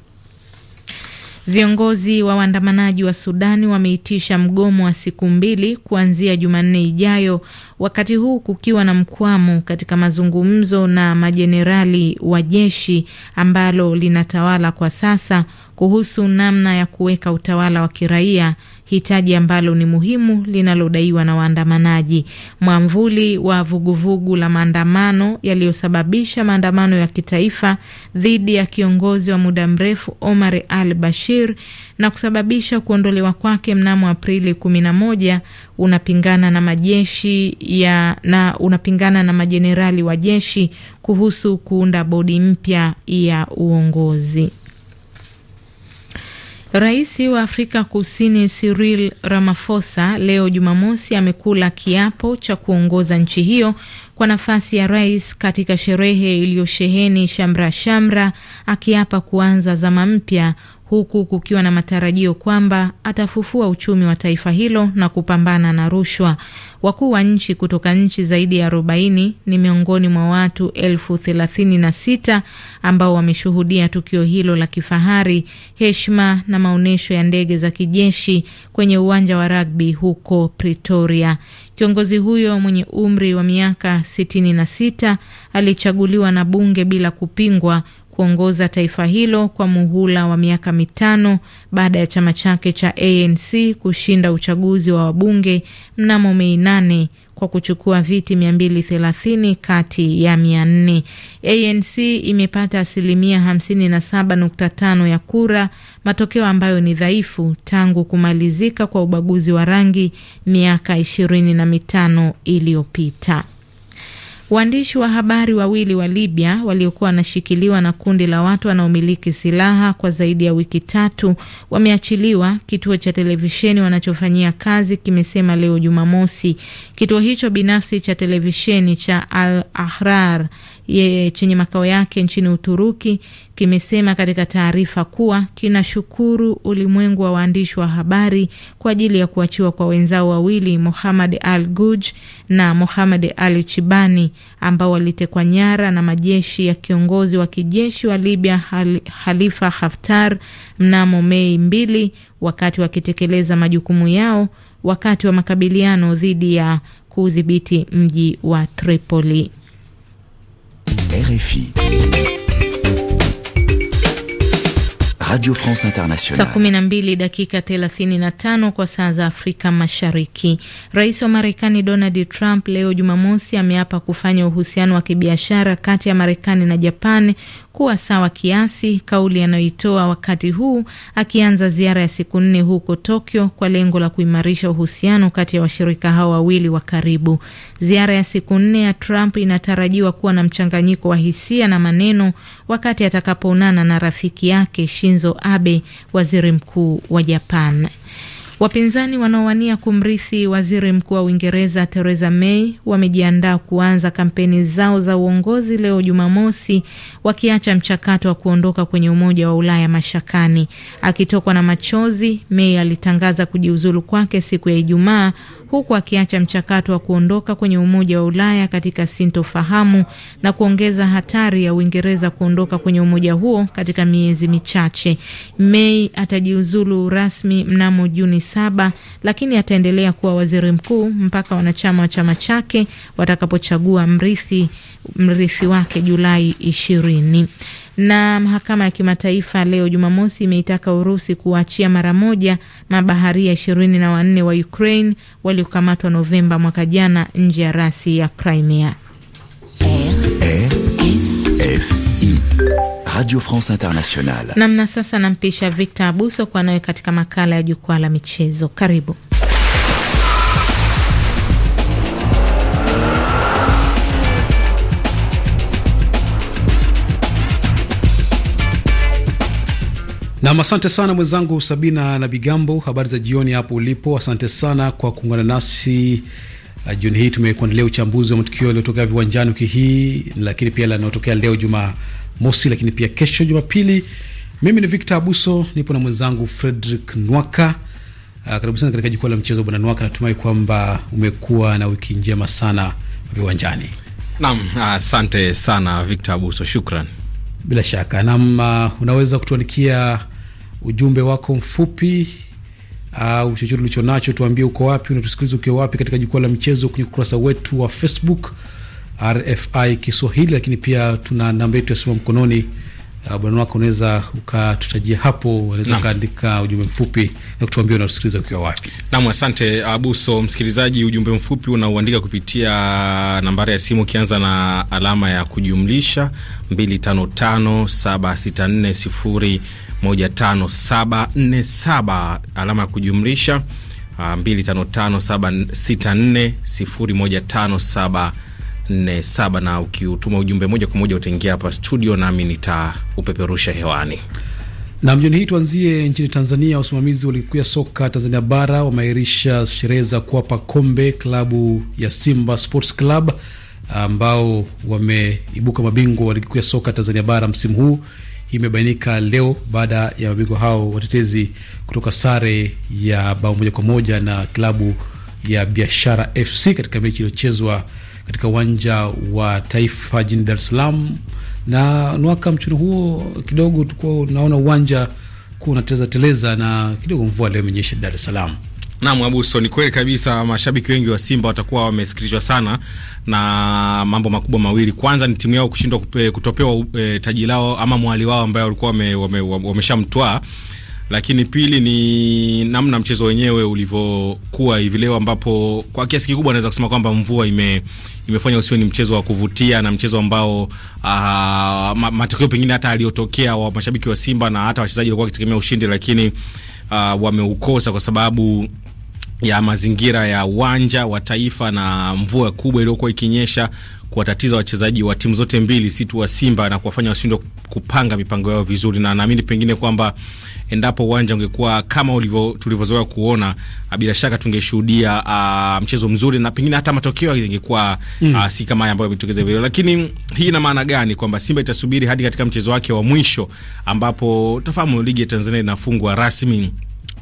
Viongozi wa waandamanaji wa Sudani wameitisha mgomo wa siku mbili kuanzia Jumanne ijayo, wakati huu kukiwa na mkwamo katika mazungumzo na majenerali wa jeshi ambalo linatawala kwa sasa kuhusu namna ya kuweka utawala wa kiraia hitaji ambalo ni muhimu linalodaiwa na waandamanaji. Mwamvuli wa vuguvugu la maandamano yaliyosababisha maandamano ya kitaifa dhidi ya kiongozi wa muda mrefu Omar al Bashir na kusababisha kuondolewa kwake mnamo Aprili 11 unapingana na majeshi ya na unapingana na majenerali wa jeshi kuhusu kuunda bodi mpya ya uongozi. Rais wa Afrika Kusini Cyril Ramaphosa leo Jumamosi amekula kiapo cha kuongoza nchi hiyo kwa nafasi ya rais katika sherehe iliyosheheni shamra shamra, akiapa kuanza zama mpya huku kukiwa na matarajio kwamba atafufua uchumi wa taifa hilo na kupambana na rushwa. Wakuu wa nchi kutoka nchi zaidi ya 40 ni miongoni mwa watu elfu thelathini na sita ambao wameshuhudia tukio hilo la kifahari, heshima na maonyesho ya ndege za kijeshi kwenye uwanja wa rugby huko Pretoria. Kiongozi huyo mwenye umri wa miaka 66 alichaguliwa na bunge bila kupingwa kuongoza taifa hilo kwa muhula wa miaka mitano baada ya chama chake cha ANC kushinda uchaguzi wa wabunge mnamo Mei nane kwa kuchukua viti 230 kati ya 400. ANC imepata asilimia 57.5 ya kura, matokeo ambayo ni dhaifu tangu kumalizika kwa ubaguzi wa rangi miaka 25 iliyopita. Waandishi wa habari wawili wa Libya waliokuwa wanashikiliwa na kundi la watu wanaomiliki silaha kwa zaidi ya wiki tatu wameachiliwa, kituo cha televisheni wanachofanyia kazi kimesema leo Jumamosi. Kituo hicho binafsi cha televisheni cha Al Ahrar yeye chenye makao yake nchini Uturuki kimesema katika taarifa kuwa kinashukuru ulimwengu wa waandishi wa habari kwa ajili ya kuachiwa kwa wenzao wawili Mohammad Al Guj na Mohammad Al Chibani ambao walitekwa nyara na majeshi ya kiongozi wa kijeshi wa Libya halifa Haftar mnamo Mei mbili wakati wakitekeleza majukumu yao wakati wa makabiliano dhidi ya kudhibiti mji wa Tripoli. RFI Radio France Internationale. Saa 12 dakika 35 kwa saa za Afrika Mashariki. Rais wa Marekani Donald Trump leo Jumamosi ameapa kufanya uhusiano wa kibiashara kati ya Marekani na Japan kuwa sawa kiasi, kauli anayoitoa wakati huu akianza ziara ya siku nne huko Tokyo kwa lengo la kuimarisha uhusiano kati ya washirika hao wawili wa karibu. Ziara ya siku nne ya Trump inatarajiwa kuwa na mchanganyiko wa hisia na maneno wakati atakapoonana na rafiki yake Shinzo Abe, waziri mkuu wa Japan. Wapinzani wanaowania kumrithi waziri mkuu wa Uingereza Theresa May wamejiandaa kuanza kampeni zao za uongozi leo Jumamosi, wakiacha mchakato wa kuondoka kwenye Umoja wa Ulaya mashakani. Akitokwa na machozi, May alitangaza kujiuzulu kwake siku ya Ijumaa, huku akiacha mchakato wa kuondoka kwenye Umoja wa Ulaya katika sintofahamu na kuongeza hatari ya Uingereza kuondoka kwenye umoja huo katika miezi michache. May atajiuzulu rasmi mnamo Juni saba, lakini ataendelea kuwa waziri mkuu mpaka wanachama wa chama chake watakapochagua mrithi mrithi wake Julai ishirini. Na mahakama ya kimataifa leo Jumamosi imeitaka Urusi kuwaachia mara moja mabaharia ishirini na wanne wa Ukraine waliokamatwa Novemba mwaka jana nje ya rasi ya Crimea. Radio France Internationale. Namna sasa nampisha Victor Abuso kwa nawe katika makala ya jukwaa la michezo. Karibu. Nam, asante sana mwenzangu Sabina na Bigambo. Habari za jioni hapo ulipo, asante sana kwa kuungana nasi uh, jioni hii. Tumekuandalia uchambuzi wa matukio yaliyotokea viwanjani wiki hii, lakini pia yanayotokea leo Jumamosi, lakini pia kesho Jumapili. Mimi ni Victor Abuso, nipo na mwenzangu Fredrick Nwaka. Uh, karibu sana katika jukwaa la mchezo, bwana Nwaka. Natumai kwamba umekuwa na wiki njema sana viwanjani. Nam, asante sana Victor Abuso, shukran. Bila shaka nam, uh, unaweza kutuandikia ujumbe wako mfupi au uh, chochote ulicho nacho, tuambie uko wapi, unatusikiliza ukiwa wapi, katika jukwaa la michezo kwenye ukurasa wetu wa Facebook RFI Kiswahili, lakini pia tuna namba yetu ya simu mkononi uh, bwana wako unaweza ukatutajia hapo, unaweza ukaandika ujumbe mfupi na kutuambia unatusikiliza ukiwa wapi. Naam, asante Abuso. Msikilizaji, ujumbe mfupi unauandika kupitia nambari ya simu ukianza na alama ya kujumlisha 255764 15747 alama ya kujumlisha 255764015747 ah, na ukiutuma ujumbe moja kwa moja utaingia hapa studio nami nitaupeperusha hewani. Na jioni hii tuanzie nchini Tanzania. Wasimamizi wa ligi kuu ya soka Tanzania bara wameahirisha sherehe za kuwapa kombe klabu ya Simba Sports Club ambao wameibuka mabingwa wa ligi kuu ya soka Tanzania bara msimu huu imebainika leo baada ya mabingwa hao watetezi kutoka sare ya bao moja kwa moja na klabu ya Biashara FC katika mechi iliyochezwa katika uwanja wa Taifa jijini Dar es Salaam. Na nwaka mchuno huo kidogo, tulikuwa unaona uwanja kuwa unateleza teleza, na kidogo mvua leo imenyesha Dar es Salaam. Naam, Abuso, ni kweli kabisa, mashabiki wengi wa Simba watakuwa wamesikitishwa sana na mambo makubwa mawili. Kwanza ni timu yao kushindwa kutopewa e, taji lao ama mwali wao ambaye walikuwa wameshamtwaa wame, wame lakini pili ni namna mchezo wenyewe ulivyokuwa hivi leo, ambapo kwa kiasi kikubwa naweza kusema kwamba mvua ime, imefanya usio ni mchezo wa kuvutia na mchezo ambao ah, matokeo pengine hata aliyotokea wa mashabiki wa Simba na hata wachezaji walikuwa wakitegemea ushindi, lakini uh, wameukosa kwa sababu ya mazingira ya uwanja wa taifa na mvua kubwa iliyokuwa ikinyesha kuwatatiza wachezaji wa timu zote mbili, si tu wa Simba, na kuwafanya washindwe kupanga mipango yao vizuri, na naamini pengine kwamba endapo uwanja ungekuwa kama ulivyo tulivyozoea kuona, ah, bila shaka tungeshuhudia uh, mchezo mzuri na pengine hata matokeo yangekuwa mm, uh, si kama haya ambayo yametokeza hivi Lakini hii ina maana gani? Kwamba Simba itasubiri hadi katika mchezo wake wa mwisho ambapo tafahamu ligi ya Tanzania inafungwa rasmi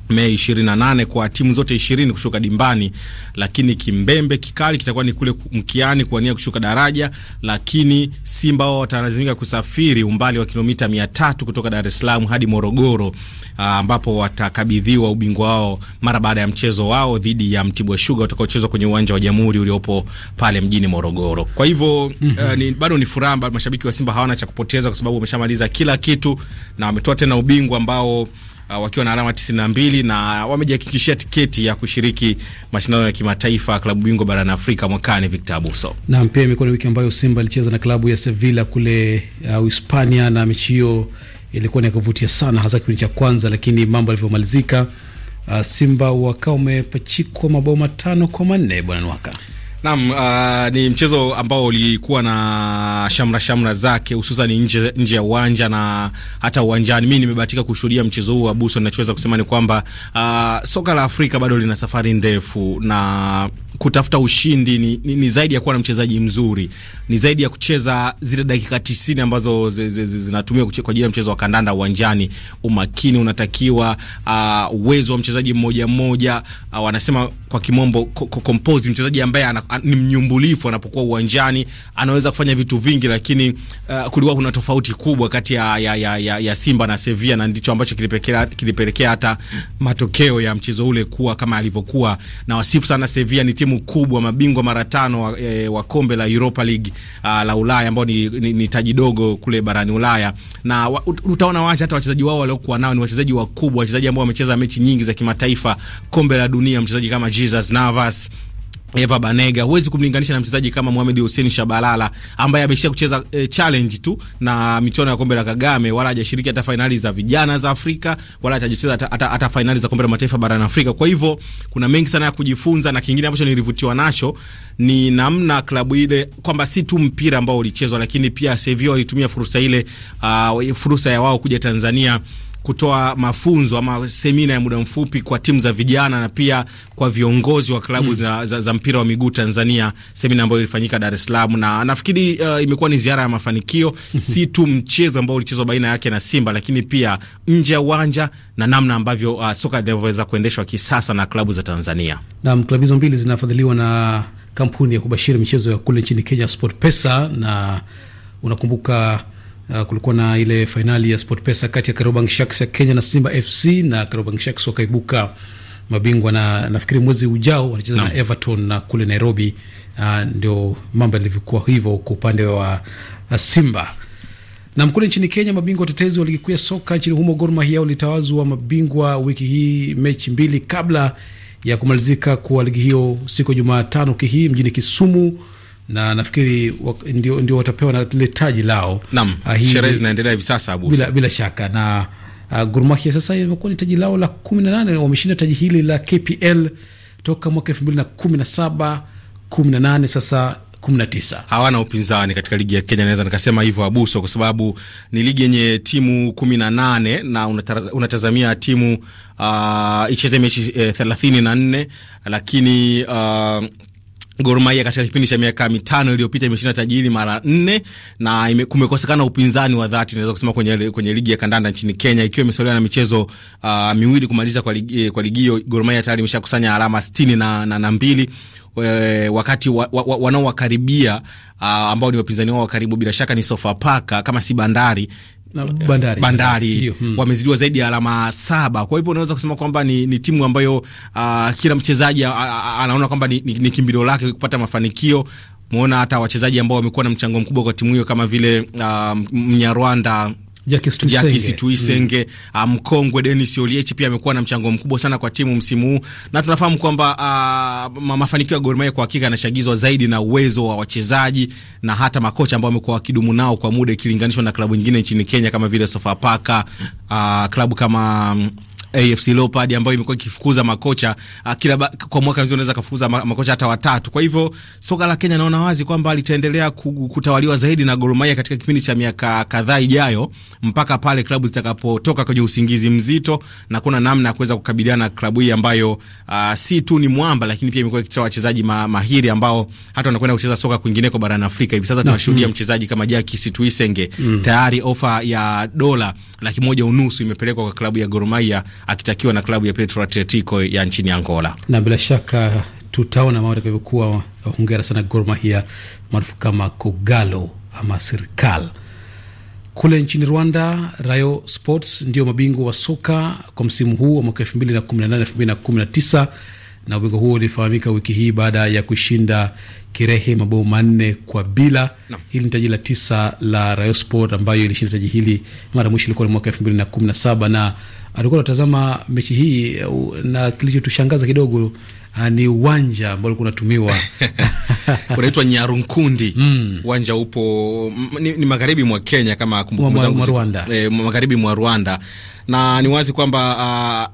Mei 28 kwa timu zote ishirini kushuka dimbani, lakini kimbembe kikali kitakuwa ni kule mkiani kuania kushuka daraja, lakini Simba wao watalazimika kusafiri umbali wa kilomita 300 kutoka Dar es Salaam hadi Morogoro, ah, ambapo watakabidhiwa ubingwa wao mara baada ya mchezo wao dhidi ya Mtibwa Sugar utakaochezwa kwenye uwanja wa Jamhuri uliopo pale mjini Morogoro. Kwa hivyo mm -hmm. uh, ni, bado ni furaha, mashabiki wa Simba hawana cha kupoteza kwa sababu wameshamaliza kila kitu na wametoa tena ubingwa ambao uh, wakiwa na alama 92 na wamejihakikishia tiketi ya kushiriki mashindano ya kimataifa klabu bingwa barani Afrika mwakani. Victor Abuso. na pia imekuwa ni wiki ambayo Simba alicheza na klabu ya Sevilla kule uh, Uhispania, na mechi hiyo ilikuwa ni ya kuvutia sana, hasa kipindi cha kwanza, lakini mambo yalivyomalizika, uh, Simba wakawa wamepachikwa mabao matano kwa manne bwana Nwaka. Naam, uh, ni mchezo ambao ulikuwa na shamra shamra zake hususan nje nje ya uwanja na hata uwanjani. Mimi nimebahatika kushuhudia mchezo huu Abuso, ninachoweza kusema ni kwamba uh, soka la Afrika bado lina safari ndefu na kutafuta ushindi ni, ni, ni zaidi ya kuwa na mchezaji mzuri, ni zaidi ya kucheza zile dakika tisini ambazo zinatumia kwa ajili ya mchezo wa kandanda uwanjani. Umakini unatakiwa, ah, uwezo uh, wa mchezaji mmoja mmoja, uh, wanasema kwa kimombo compose, mchezaji ambaye an, ni mnyumbulifu anapokuwa uwanjani, anaweza kufanya vitu vingi, lakini uh, kulikuwa kuna tofauti kubwa kati ya, ya, ya, ya, ya Simba na Sevilla na ndicho ambacho kilipelekea kilipelekea hata matokeo ya mchezo ule kuwa kama alivyokuwa, na wasifu sana Sevilla ni timu kubwa, mabingwa mara tano wa, e, wa kombe la Europa League a, ah, la Ulaya ambao ni, ni, ni taji dogo kule barani Ulaya, na utaona wacha hata wachezaji wao waliokuwa nao ni wachezaji wakubwa, wachezaji ambao wamecheza mechi nyingi za kimataifa, kombe la dunia, mchezaji kama Jesus Navas Eva Banega huwezi kumlinganisha na mchezaji kama Mohamed Hussein Shabalala ambaye ameshia kucheza e, challenge tu na michuano ya kombe la Kagame, wala hajashiriki hata fainali za vijana za Afrika, wala hajacheza hata, hata, hata fainali za kombe la mataifa barani Afrika. Kwa hivyo kuna mengi sana ya kujifunza, na kingine ambacho nilivutiwa nacho ni namna klabu ile kwamba si tu mpira ambao ulichezwa, lakini pia Sevilla walitumia fursa ile, uh, fursa ya wao kuja Tanzania kutoa mafunzo ama semina ya muda mfupi kwa timu za vijana na pia kwa viongozi wa klabu mm. za, za, za mpira wa miguu Tanzania, semina ambayo ilifanyika Dar es Salaam na nafikiri uh, imekuwa ni ziara ya mafanikio [LAUGHS] si tu mchezo ambao ulichezwa baina yake na Simba, lakini pia nje ya uwanja na namna ambavyo uh, soka linavyoweza kuendeshwa kisasa na klabu za Tanzania. Naam, klabu hizo mbili zinafadhiliwa na kampuni ya kubashiri michezo ya kule nchini Kenya Sport Pesa, na unakumbuka Uh, kulikuwa na ile fainali ya Sport Pesa kati ya Karobang Sharks ya Kenya na Simba FC na Karobang Sharks wakaibuka mabingwa na nafikiri mwezi ujao wanacheza na Everton na kule Nairobi. Uh, ndio mambo yalivyokuwa hivyo kwa upande wa uh, Simba na mkule nchini Kenya, mabingwa watetezi wa ligi kuu ya soka nchini humo Gor Mahia walitawazwa mabingwa wiki hii, mechi mbili kabla ya kumalizika kwa ligi hiyo siku ya Jumatano wiki hii mjini Kisumu na nafikiri ndio, ndio watapewa na lile taji lao. Naam, ah, sherehe zinaendelea hivi sasa Abusa. Bila, bila shaka na uh, Gor Mahia sasa imekuwa ni taji lao la 18 Wameshinda taji hili la KPL toka mwaka 2017 18 sasa kumi hawana upinzani katika ligi ya Kenya. Naweza nikasema hivyo Abuso, kwa sababu ni ligi yenye timu 18 na unatazamia timu uh, icheze mechi eh, thelathini na lakini uh, Gor Mahia katika kipindi cha miaka mitano iliyopita imeshinda taji hili mara nne na ime, kumekosekana upinzani wa dhati naweza kusema kwenye, kwenye ligi ya kandanda nchini Kenya ikiwa imesalia na michezo uh, miwili kumaliza kwa ligi, eh, kwa ligi hiyo. Gor Mahia tayari imeshakusanya alama sitini na, na, na mbili we, eh, wakati wa, wa, wa, wanaowakaribia uh, ambao ni wapinzani wao wa karibu bila shaka ni Sofapaka kama si Bandari Bandari, Bandari Hmm. wamezidiwa zaidi ya alama saba. Kwa hivyo unaweza kusema kwamba ni, ni timu ambayo uh, kila mchezaji anaona kwamba ni, ni, ni kimbilio lake kupata mafanikio Umeona hata wachezaji ambao wamekuwa na mchango mkubwa kwa timu hiyo kama vile uh, Mnyarwanda Jakis Tuisenge mm. Ah, mkongwe Dennis Oliech pia amekuwa na mchango mkubwa sana kwa timu msimu huu, na tunafahamu kwamba uh, mafanikio ya Gor Mahia kwa hakika yanachagizwa zaidi na uwezo wa wachezaji na hata makocha ambao wamekuwa wakidumu nao kwa muda ikilinganishwa na klabu nyingine nchini Kenya kama vile Sofapaka, uh, klabu kama um, AFC Leopards ambayo imekuwa ikifukuza makocha ah, kila kwa mwaka mzima, unaweza kufukuza makocha hata watatu. Kwa hivyo soka la Kenya naona wazi kwamba litaendelea kutawaliwa zaidi na Gor Mahia katika kipindi cha miaka kadhaa ijayo, mpaka pale klabu zitakapotoka kwenye usingizi mzito na kuna namna ya kuweza kukabiliana na klabu hii ambayo uh, si tu ni mwamba, lakini pia imekuwa ikitoa wachezaji ma, mahiri ambao hata wanakwenda kucheza soka kwingineko barani Afrika. Hivi sasa tunashuhudia mm. mchezaji kama Jaki Situisenge mm, tayari ofa ya dola laki moja unusu imepelekwa kwa klabu ya Gor Mahia akitakiwa na klabu ya Petro Atletico ya nchini Angola. Na bila shaka tutaona mambo yatakavyokuwa. Hongera sana Gor Mahia maarufu kama Kogalo ama Serikal. Kule nchini Rwanda, Rayo Sports ndio mabingwa wa soka kwa msimu huu wa mwaka 2018 2019 na ubingwa huo ulifahamika wiki hii baada ya kushinda Kirehe mabao manne kwa bila no. Hili ni taji la tisa la Rayo Sport ambayo ilishinda taji hili mara mwisho ilikuwa ni mwaka elfu mbili na kumi na saba na alikuwa anatazama mechi hii uh, na kilichotushangaza kidogo uh, ni uwanja ambao unatumiwa [LAUGHS] unaitwa Nyarunkundi. Mm. Uwanja mm. upo ni, ni magharibi mwa Kenya kama kumbukumbu zangu, eh, magharibi mwa Rwanda, e, mwa Rwanda na ni wazi kwamba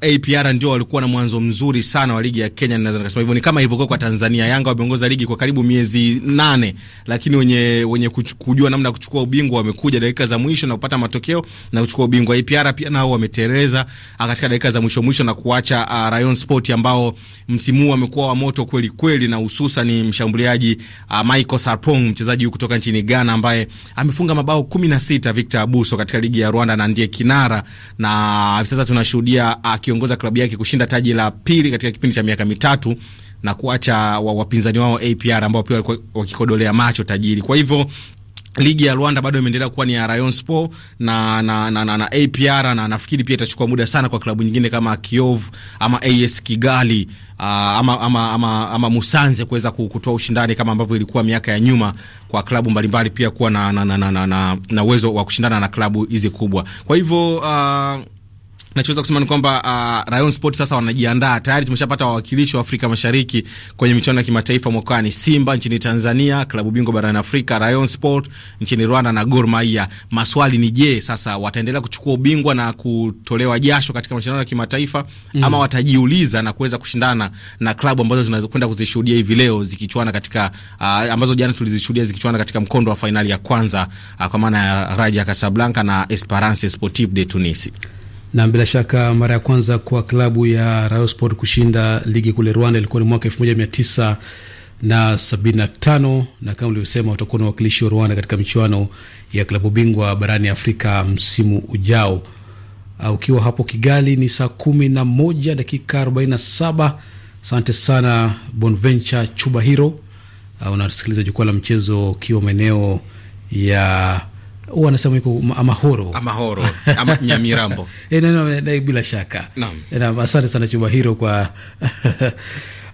uh, APR ndio walikuwa na mwanzo mzuri sana wa ligi ya Kenya. Naweza nikasema hivyo, ni kama ilivyokuwa kwa Tanzania. Yanga wameongoza ligi kwa karibu miezi nane, lakini wenye wenye kujua namna ya kuchukua ubingwa wamekuja dakika za mwisho na kupata matokeo na kuchukua ubingwa. APR pia nao wametereza uh, katika dakika za mwisho mwisho na kuacha uh, Rayon Sport ambao msimu huu wamekuwa wa moto kweli kweli, na hususan ni mshambuliaji uh, Michael Sarpong, mchezaji kutoka nchini Ghana ambaye amefunga mabao 16 Victor Abuso katika ligi ya Rwanda na ndiye kinara na hivi sasa tunashuhudia akiongoza ah, klabu yake kushinda taji la pili katika kipindi cha miaka mitatu na kuacha wapinzani wao APR ambao pia walikuwa wakikodolea macho tajiri. Kwa hivyo ligi ya Rwanda bado imeendelea kuwa ni ya Rayon Sport na na, na, na, na APR na nafikiri pia itachukua muda sana kwa klabu nyingine kama Kiovu ama AS Kigali uh, ama, ama, ama, ama Musanze kuweza kutoa ushindani kama ambavyo ilikuwa miaka ya nyuma kwa klabu mbalimbali pia kuwa na na na, na, na, na uwezo wa kushindana na klabu hizi kubwa. Kwa hivyo uh, nachoweza kusema ni kwamba uh, Rayon Sport sasa wanajiandaa tayari. Tumeshapata wawakilishi wa Afrika Mashariki kwenye michuano ya kimataifa mwakani: Simba nchini Tanzania, klabu bingwa barani Afrika, Rayon Sport nchini Rwanda na Gor Mahia. Maswali ni je, sasa wataendelea kuchukua ubingwa na kutolewa jasho katika mashindano ya kimataifa mm, ama watajiuliza na kuweza kushindana na klabu ambazo tunazokwenda kuzishuhudia hivi leo zikichuana katika uh, ambazo jana tulizishuhudia zikichuana katika mkondo wa fainali ya kwanza uh, kwa maana ya Raja Casablanca na Esperance Sportive de Tunisi na bila shaka mara ya kwanza kwa klabu ya Rayon kushinda ligi kule Rwanda ilikuwa ni mwaka 1975 na sabini na kama ulivyosema watakuwa na wakilishi wa Rwanda katika michuano ya klabu bingwa barani Afrika msimu ujao. Ah, ukiwa hapo Kigali ni saa kumi na moja dakika 47. Asante sana Bonventure hiro ah, Unasikiliza jukwaa la mchezo ukiwa maeneo ya huwa anasema iko amahoro amahoro ama Nyamirambo. [LAUGHS] E, eh, na, bila shaka naam. E, asante sana Chuba Hiro kwa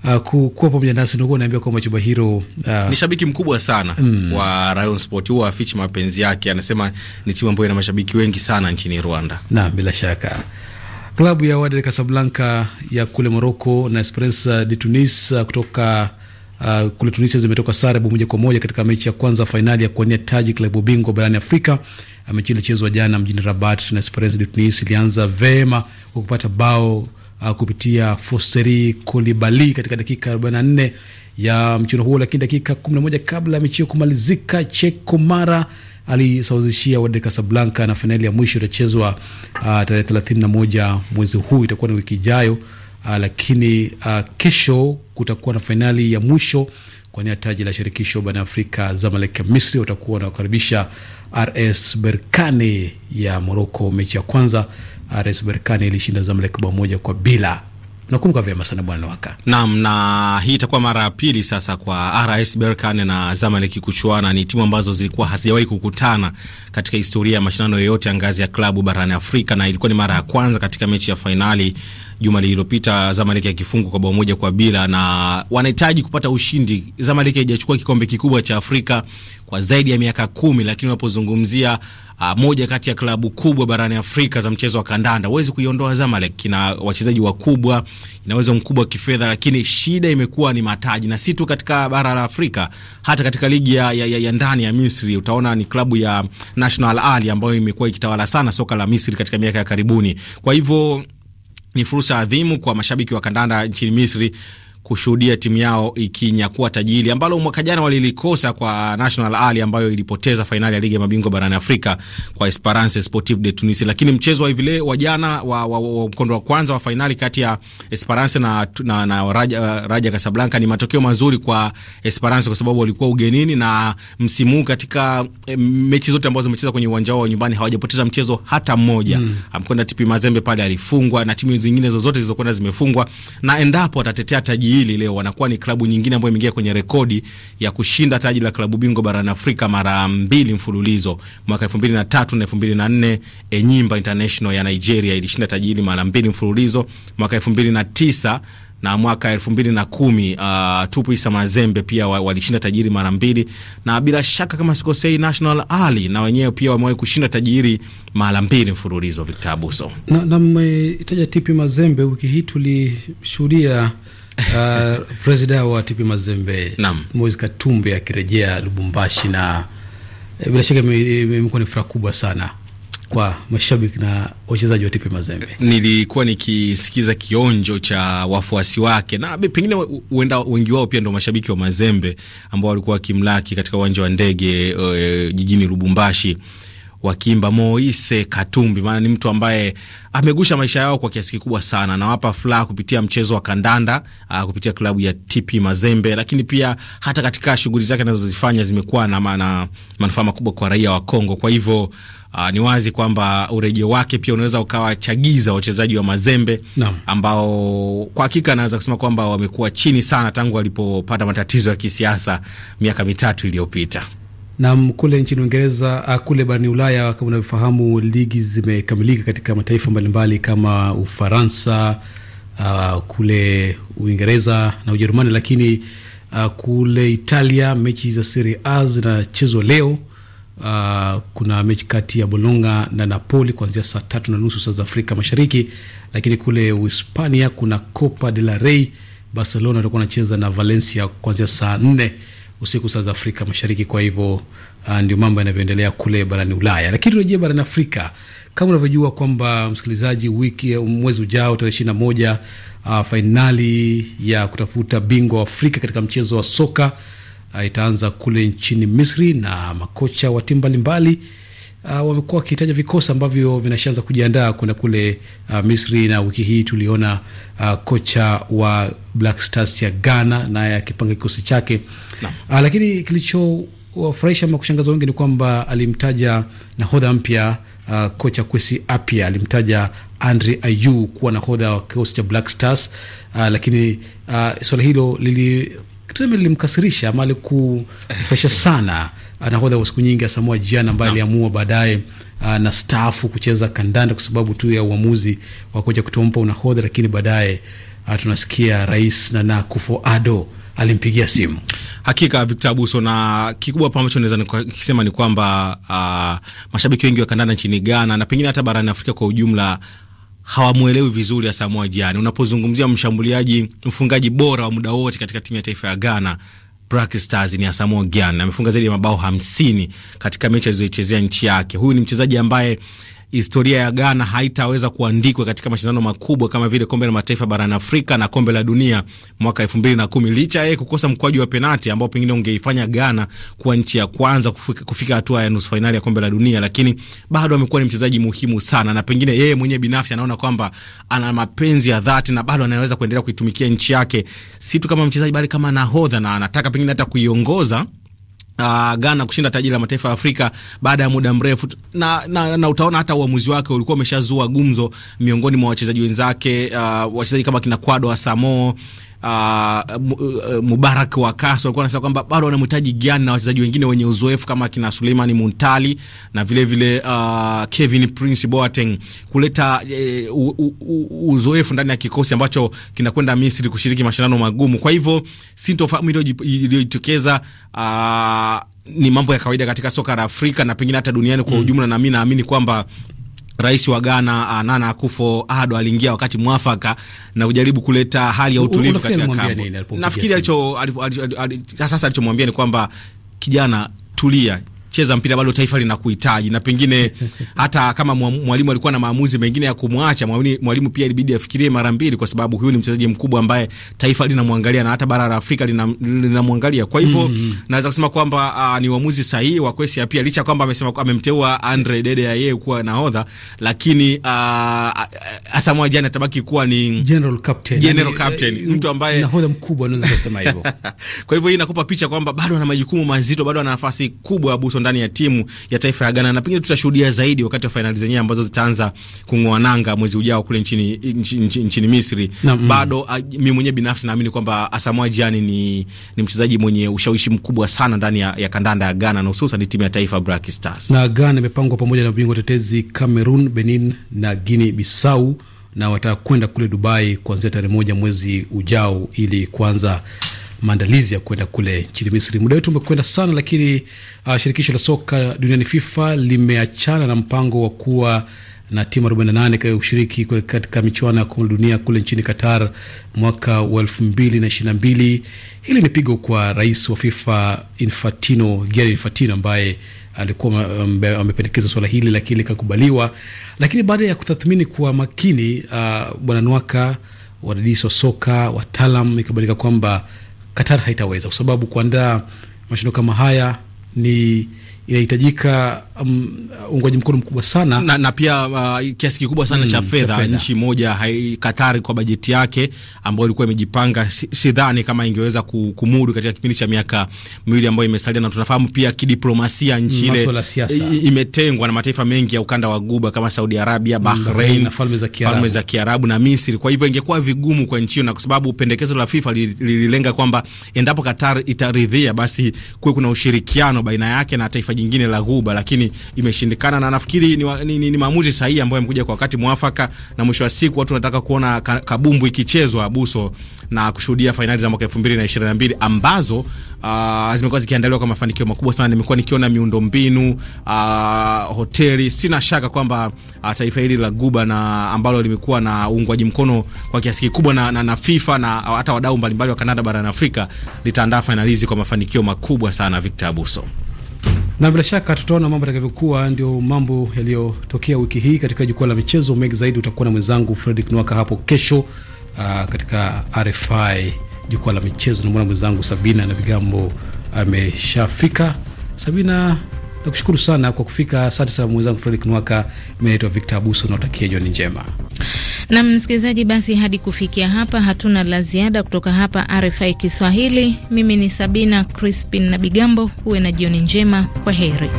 Uh, [LAUGHS] kuwa pamoja nasi nilikuwa naambia kwamba Chuba Hiro uh, ni shabiki mkubwa sana mm, wa Rayon Sport. Huwa afichi mapenzi yake, anasema ni timu ambayo ina mashabiki wengi sana nchini Rwanda. Naam, bila shaka klabu ya Wydad Casablanca ya kule Morocco na Esperance de Tunis ah, kutoka Uh, kule Tunisia zimetoka sare bao moja kwa moja katika mechi ya kwanza fainali ya kuwania taji klabu bingwa barani Afrika. Uh, mechi ilichezwa jana mjini Rabat na Esperance de Tunis ilianza vema kwa kupata bao uh, kupitia Foseri Kolibali katika dakika 44 ya mchuano huo, lakini dakika 11 kabla ya mechi hiyo kumalizika, Cheko Mara alisawazishia Wydad Casablanca, na fainali ya mwisho itachezwa uh, tarehe 31 mwezi huu, itakuwa ni wiki ijayo uh, lakini uh, kesho kutakuwa na fainali ya mwisho kuwania taji la shirikisho barani Afrika. Zamalek ya Misri watakuwa wanakaribisha RS Berkane ya Moroko. Mechi ya kwanza RS Berkane ilishinda Zamalek bao moja kwa bila. Nakumbuka vyema sana bwana Waka. Naam, na hii itakuwa mara ya pili sasa kwa RS Berkane na Zamalek kuchuana. Ni timu ambazo zilikuwa hazijawahi kukutana katika historia ya mashindano yoyote ya ngazi ya klabu barani Afrika, na ilikuwa ni mara ya kwanza katika mechi ya fainali juma lililopita, Zamalek akifungwa kwa bao moja kwa bila, na wanahitaji kupata ushindi. Zamalek haijachukua kikombe kikubwa cha Afrika kwa zaidi ya miaka kumi, lakini unapozungumzia uh, moja kati ya klabu kubwa barani Afrika za mchezo wa kandanda. Huwezi kuiondoa Zamalek, ina wachezaji wakubwa, ina uwezo mkubwa wa kifedha, lakini shida imekuwa ni mataji, na si tu katika bara la Afrika, hata katika ligi ya, ya, ya ndani ya Misri utaona ni klabu ya National Ali ambayo imekuwa ikitawala sana soka la Misri katika miaka ya karibuni. Kwa hivyo ni fursa adhimu kwa mashabiki wa kandanda nchini Misri kushuhudia timu yao ikinyakua tajiri ambalo mwaka jana walilikosa kwa National Ali ambayo ilipoteza fainali ya ligi ya mabingwa barani Afrika kwa Esperance Sportive de Tunisi. Lakini mchezo wa hivile wa jana wa, wa, wa mkondo wa kwanza wa fainali kati ya Esperance na, na, na Raja, uh, Raja Casablanca ni matokeo mazuri kwa Esperance kwa sababu walikuwa ugenini na msimu katika eh, mechi zote ambazo zimecheza kwenye uwanja wao nyumbani hawajapoteza mchezo hata mmoja. Mm. Amkwenda TP Mazembe pale alifungwa na timu zingine zozote zilizokwenda zimefungwa na endapo atatetea taji hili leo wanakuwa ni klabu nyingine ambayo imeingia kwenye rekodi ya kushinda taji la klabu bingwa barani Afrika mara mbili mfululizo mwaka 2003 na 2004. Enyimba International ya Nigeria ilishinda taji hili mara mbili mfululizo mwaka 2009 na mwaka elfu mbili na kumi uh, tupu isa mazembe pia walishinda tajiri mara mbili, na bila shaka kama sikosei, National Ali na wenyewe pia wamewahi kushinda tajiri mara mbili mfululizo. Victor Abuso na, na mmetaja tipi mazembe, wiki hii tulishuhudia uh, presida wa TP Mazembe Moise Katumbe akirejea Lubumbashi, na e, bila shaka imekuwa ni furaha kubwa sana kwa mashabiki na wachezaji wa TP Mazembe. Nilikuwa nikisikiza kionjo cha wafuasi wake na pengine huenda wengi wao pia ndo mashabiki wa Mazembe ambao walikuwa wakimlaki katika uwanja wa ndege eh, jijini Lubumbashi wakiimba Moise Katumbi, maana ni mtu ambaye amegusha maisha yao kwa kiasi kikubwa sana, nawapa furaha kupitia mchezo wa kandanda uh, kupitia klabu ya TP Mazembe, lakini pia hata katika shughuli zake anazozifanya zimekuwa na manufaa makubwa kwa raia wa Kongo. Kwa hivyo Uh, ni wazi kwamba urejeo wake pia unaweza ukawa chagiza wachezaji wa Mazembe no. ambao kwa hakika anaweza kusema kwamba wamekuwa chini sana tangu walipopata matatizo ya kisiasa miaka mitatu iliyopita. Nam kule nchini Uingereza, ah, kule barani Ulaya, kama unavyofahamu, ligi zimekamilika katika mataifa mbalimbali kama Ufaransa, uh, kule Uingereza na Ujerumani, lakini uh, kule Italia mechi za Serie A zinachezwa leo. Uh, kuna mechi kati ya Bolonga na Napoli kuanzia saa tatu na nusu saa za Afrika Mashariki, lakini kule Uhispania kuna Copa de la Rey, Barcelona atakuwa anacheza na Valencia kuanzia saa nne usiku saa za Afrika Mashariki. Kwa hivyo uh, ndio mambo yanavyoendelea kule barani Ulaya, lakini turejee barani Afrika. Kama unavyojua kwamba msikilizaji, wiki mwezi ujao tarehe ishirini na moja uh, fainali ya kutafuta bingwa wa Afrika katika mchezo wa soka uh, itaanza kule nchini Misri na makocha wa timu mbalimbali uh, wamekuwa wakihitaja vikosi ambavyo vinashaanza kujiandaa kwenda kule uh, Misri, na wiki hii tuliona uh, kocha wa Black Stars ya Ghana naye akipanga kikosi chake no. Uh, lakini wafurahisha ama kushangaza wengi ni kwamba alimtaja nahodha mpya uh, kocha Kwesi Apia alimtaja Andre Ayew kuwa nahodha wa kikosi cha Black Stars uh, lakini uh, swala hilo lili tuseme lilimkasirisha ama alikufesha sana nahodha wa siku nyingi Asamoah Gyan ambaye aliamua baadaye ah, na staafu kucheza kandanda kwa sababu tu ya uamuzi wa kuja kutompa unahodha, lakini baadaye ah, tunasikia Rais Nana Akufo-Addo alimpigia simu. Hakika Victor Abuso, na kikubwa hapa ambacho naweza kisema ni kwamba uh, mashabiki wengi wa kandanda nchini Ghana na pengine hata barani Afrika kwa ujumla hawamwelewi vizuri Asamoah Gyan. Unapozungumzia mshambuliaji mfungaji bora wa muda wote katika timu ya taifa ya Ghana Black Stars ni Asamoah Gyan, amefunga zaidi ya mabao hamsini katika mechi alizoichezea nchi yake. Huyu ni mchezaji ambaye historia ya Ghana haitaweza kuandikwa katika mashindano makubwa kama vile kombe la mataifa barani Afrika na kombe la dunia mwaka elfu mbili na kumi licha yeye kukosa mkwaju wa penati ambao pengine ungeifanya Ghana kuwa nchi ya kwanza kufika, kufika hatua ya nusu fainali ya kombe la dunia, lakini bado amekuwa ni mchezaji muhimu sana, na pengine yeye mwenyewe binafsi anaona kwamba ana mapenzi ya dhati na bado anaweza kuendelea kuitumikia nchi yake si tu kama mchezaji bali kama nahodha, na anataka pengine hata kuiongoza Uh, Ghana kushinda taji la mataifa ya Afrika baada ya muda mrefu na, na, na utaona hata uamuzi wake ulikuwa umeshazua gumzo miongoni mwa wachezaji wenzake, uh, wachezaji kama kina Kwado Asamo uh, Mubarak wa Kaso alikuwa anasema kwamba bado wanamhitaji Gyan na wachezaji wengine wenye uzoefu kama kina Suleiman Muntali na vile vile uh, Kevin Prince Boateng kuleta uh, uzoefu ndani ya kikosi ambacho kinakwenda Misri kushiriki mashindano magumu. Kwa hivyo sintofahamu iliyojitokeza uh, ni mambo ya kawaida katika soka la Afrika na pengine hata duniani kwa mm. ujumla, na mimi naamini kwamba Rais wa Ghana ah, Nana Akufo-Addo aliingia wakati mwafaka na kujaribu kuleta hali ya utulivu katika kambi. Nafikiri alicho sasa alichomwambia ni kwamba kijana, tulia cheza mpira, bado taifa linakuhitaji, na pengine [LAUGHS] hata kama mwalimu alikuwa na maamuzi mengine ya kumwacha mwalimu, pia ilibidi afikirie mara mbili, kwa sababu huyu ni mchezaji mkubwa ambaye taifa linamwangalia na hata bara la Afrika linamwangalia Kwa hivyo mm -hmm. naweza kusema kwamba uh, ni uamuzi sahihi wa Kwesi pia, licha kwamba amesema amemteua Andre Dede ya yeye kuwa nahodha, lakini uh, ah, ah, Asamoah Gyan atabaki kuwa ni general captain, general captain, eh, mtu ambaye nahodha mkubwa, naweza kusema hivyo. [LAUGHS] Kwa hivyo hii inakupa picha kwamba bado ana majukumu mazito, bado ana nafasi kubwa ya Buso ndani ya timu ya taifa ya Ghana, na pengine tutashuhudia zaidi wakati wa fainali zenyewe ambazo zitaanza kung'oa nanga mwezi ujao kule nchini, nchini, nchini Misri na, mm. Bado mimi mwenyewe binafsi naamini kwamba Asamoah Gyan ni, ni mchezaji mwenye ushawishi mkubwa sana ndani ya, ya kandanda ya Ghana na hususan ni timu ya taifa Black Stars. Na Ghana imepangwa pamoja na mabingwa tetezi Cameroon, Benin na Guinea Bissau na watakwenda kule Dubai kuanzia tarehe moja mwezi ujao ili kuanza maandalizi ya kwenda kule nchini Misri. Muda wetu umekwenda sana, lakini uh, shirikisho la soka duniani FIFA limeachana na mpango wa kuwa na timu 48 ushiriki katika michuano ya kombe dunia kule nchini Qatar mwaka wa 2022. Hili ni pigo kwa rais wa FIFA Infantino, Gianni Infantino ambaye alikuwa um, amependekeza swala hili lakini likakubaliwa. Lakini baada ya kutathmini kwa makini, uh, bwana Nwaka, wadadisi wa soka, wataalam, ikabainika kwamba Qatar haitaweza kwa sababu kuandaa mashindano kama haya ni inahitajika um, uungwaji um, mkono mkubwa sana na, na pia uh, kiasi kikubwa sana mm, cha fedha. Nchi moja hai, Katari kwa bajeti yake ambayo ilikuwa imejipanga, sidhani si kama ingeweza kumudu katika kipindi cha miaka miwili ambayo imesalia, na tunafahamu pia kidiplomasia nchi ile imetengwa na mataifa mengi ya ukanda wa Guba kama Saudi Arabia, mm, Bahrain falme za Kiarabu, za Kiarabu na Misri. Kwa hivyo ingekuwa vigumu kwa nchi hiyo, na kwa sababu pendekezo la FIFA lililenga li, li, kwamba endapo Katari itaridhia, basi kuwe kuna ushirikiano baina yake na taifa jingine la Ghuba, lakini imeshindikana, na nafikiri ni, ni, ni, ni maamuzi sahihi ambayo yamekuja kwa wakati mwafaka, na mwisho wa siku watu wanataka kuona ka, kabumbu ikichezwa buso na kushuhudia fainali za mwaka 2022 ambazo uh, zimekuwa zikiandaliwa kwa mafanikio makubwa sana. Nimekuwa nikiona miundo mbinu uh, hoteli. Sina shaka kwamba uh, taifa hili la Guba na ambalo limekuwa na uungwaji mkono kwa kiasi kikubwa na, na, na FIFA na hata wadau mbalimbali wa Kanada barani Afrika litaandaa fainali hizi kwa mafanikio makubwa sana. Victor Abuso na bila shaka tutaona mambo yatakavyokuwa. Ndio mambo yaliyotokea wiki hii katika jukwaa la michezo. Mengi zaidi utakuwa na mwenzangu Fredrick Nwaka hapo kesho, uh, katika RFI jukwaa la michezo. Namwona mwenzangu Sabina na Vigambo ameshafika. Sabina, Nakushukuru sana kwa kufika. Asante sana mwenzangu Fredrick Nwaka. Mimi naitwa Victor Abuso na jioni njema. Na msikilizaji, basi hadi kufikia hapa hatuna la ziada kutoka hapa RFI Kiswahili. Mimi ni Sabina Crispin na Bigambo, huwe na jioni njema. Kwa heri.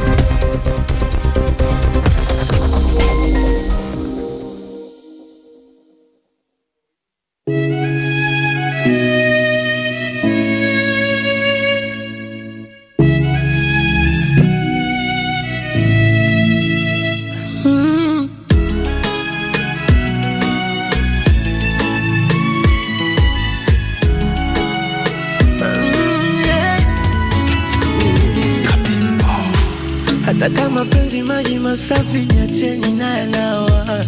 hata kama penzi maji masafi niacheni na yanawa,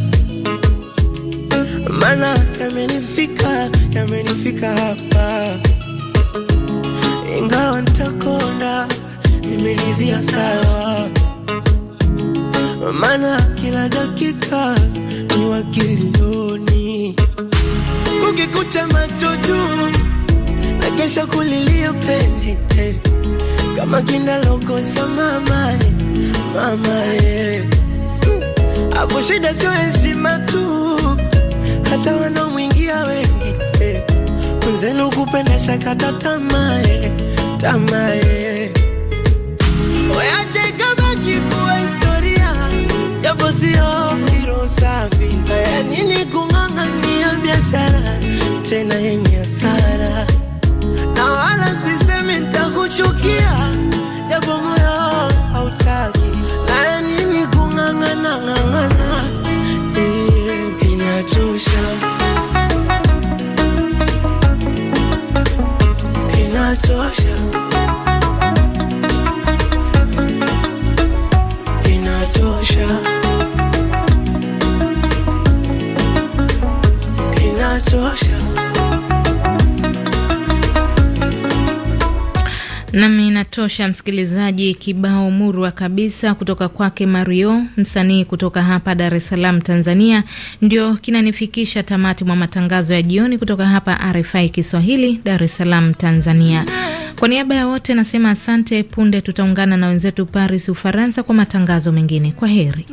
maana yamenifika yamenifika hapa, ingawa ntakonda nimelivia sawa, maana kila dakika ni wakilioni, kukikucha macho juu na kesha kulilio penzi kama kinda lokosa mama mama ye. Mm. Apo shida sio heshima tu, hata wanaomwingia wengi eh. mwenzenu kupenda shakata tamaa ye, eh. tamaa eh. ye. Wache kabaki kuwa historia, japo sio hilo safi. Haya nini kung'ang'ania biashara tena yenye hasara, na wala sisemi ntakuchukia yego moyo Nam, inatosha msikilizaji. Kibao murwa kabisa kutoka kwake Mario, msanii kutoka hapa Dar es Salaam, Tanzania, ndio kinanifikisha tamati mwa matangazo ya jioni kutoka hapa RFI Kiswahili, Dar es Salaam, Tanzania. Kwa niaba ya wote nasema asante. Punde tutaungana na wenzetu Paris, Ufaransa, kwa matangazo mengine. Kwa heri.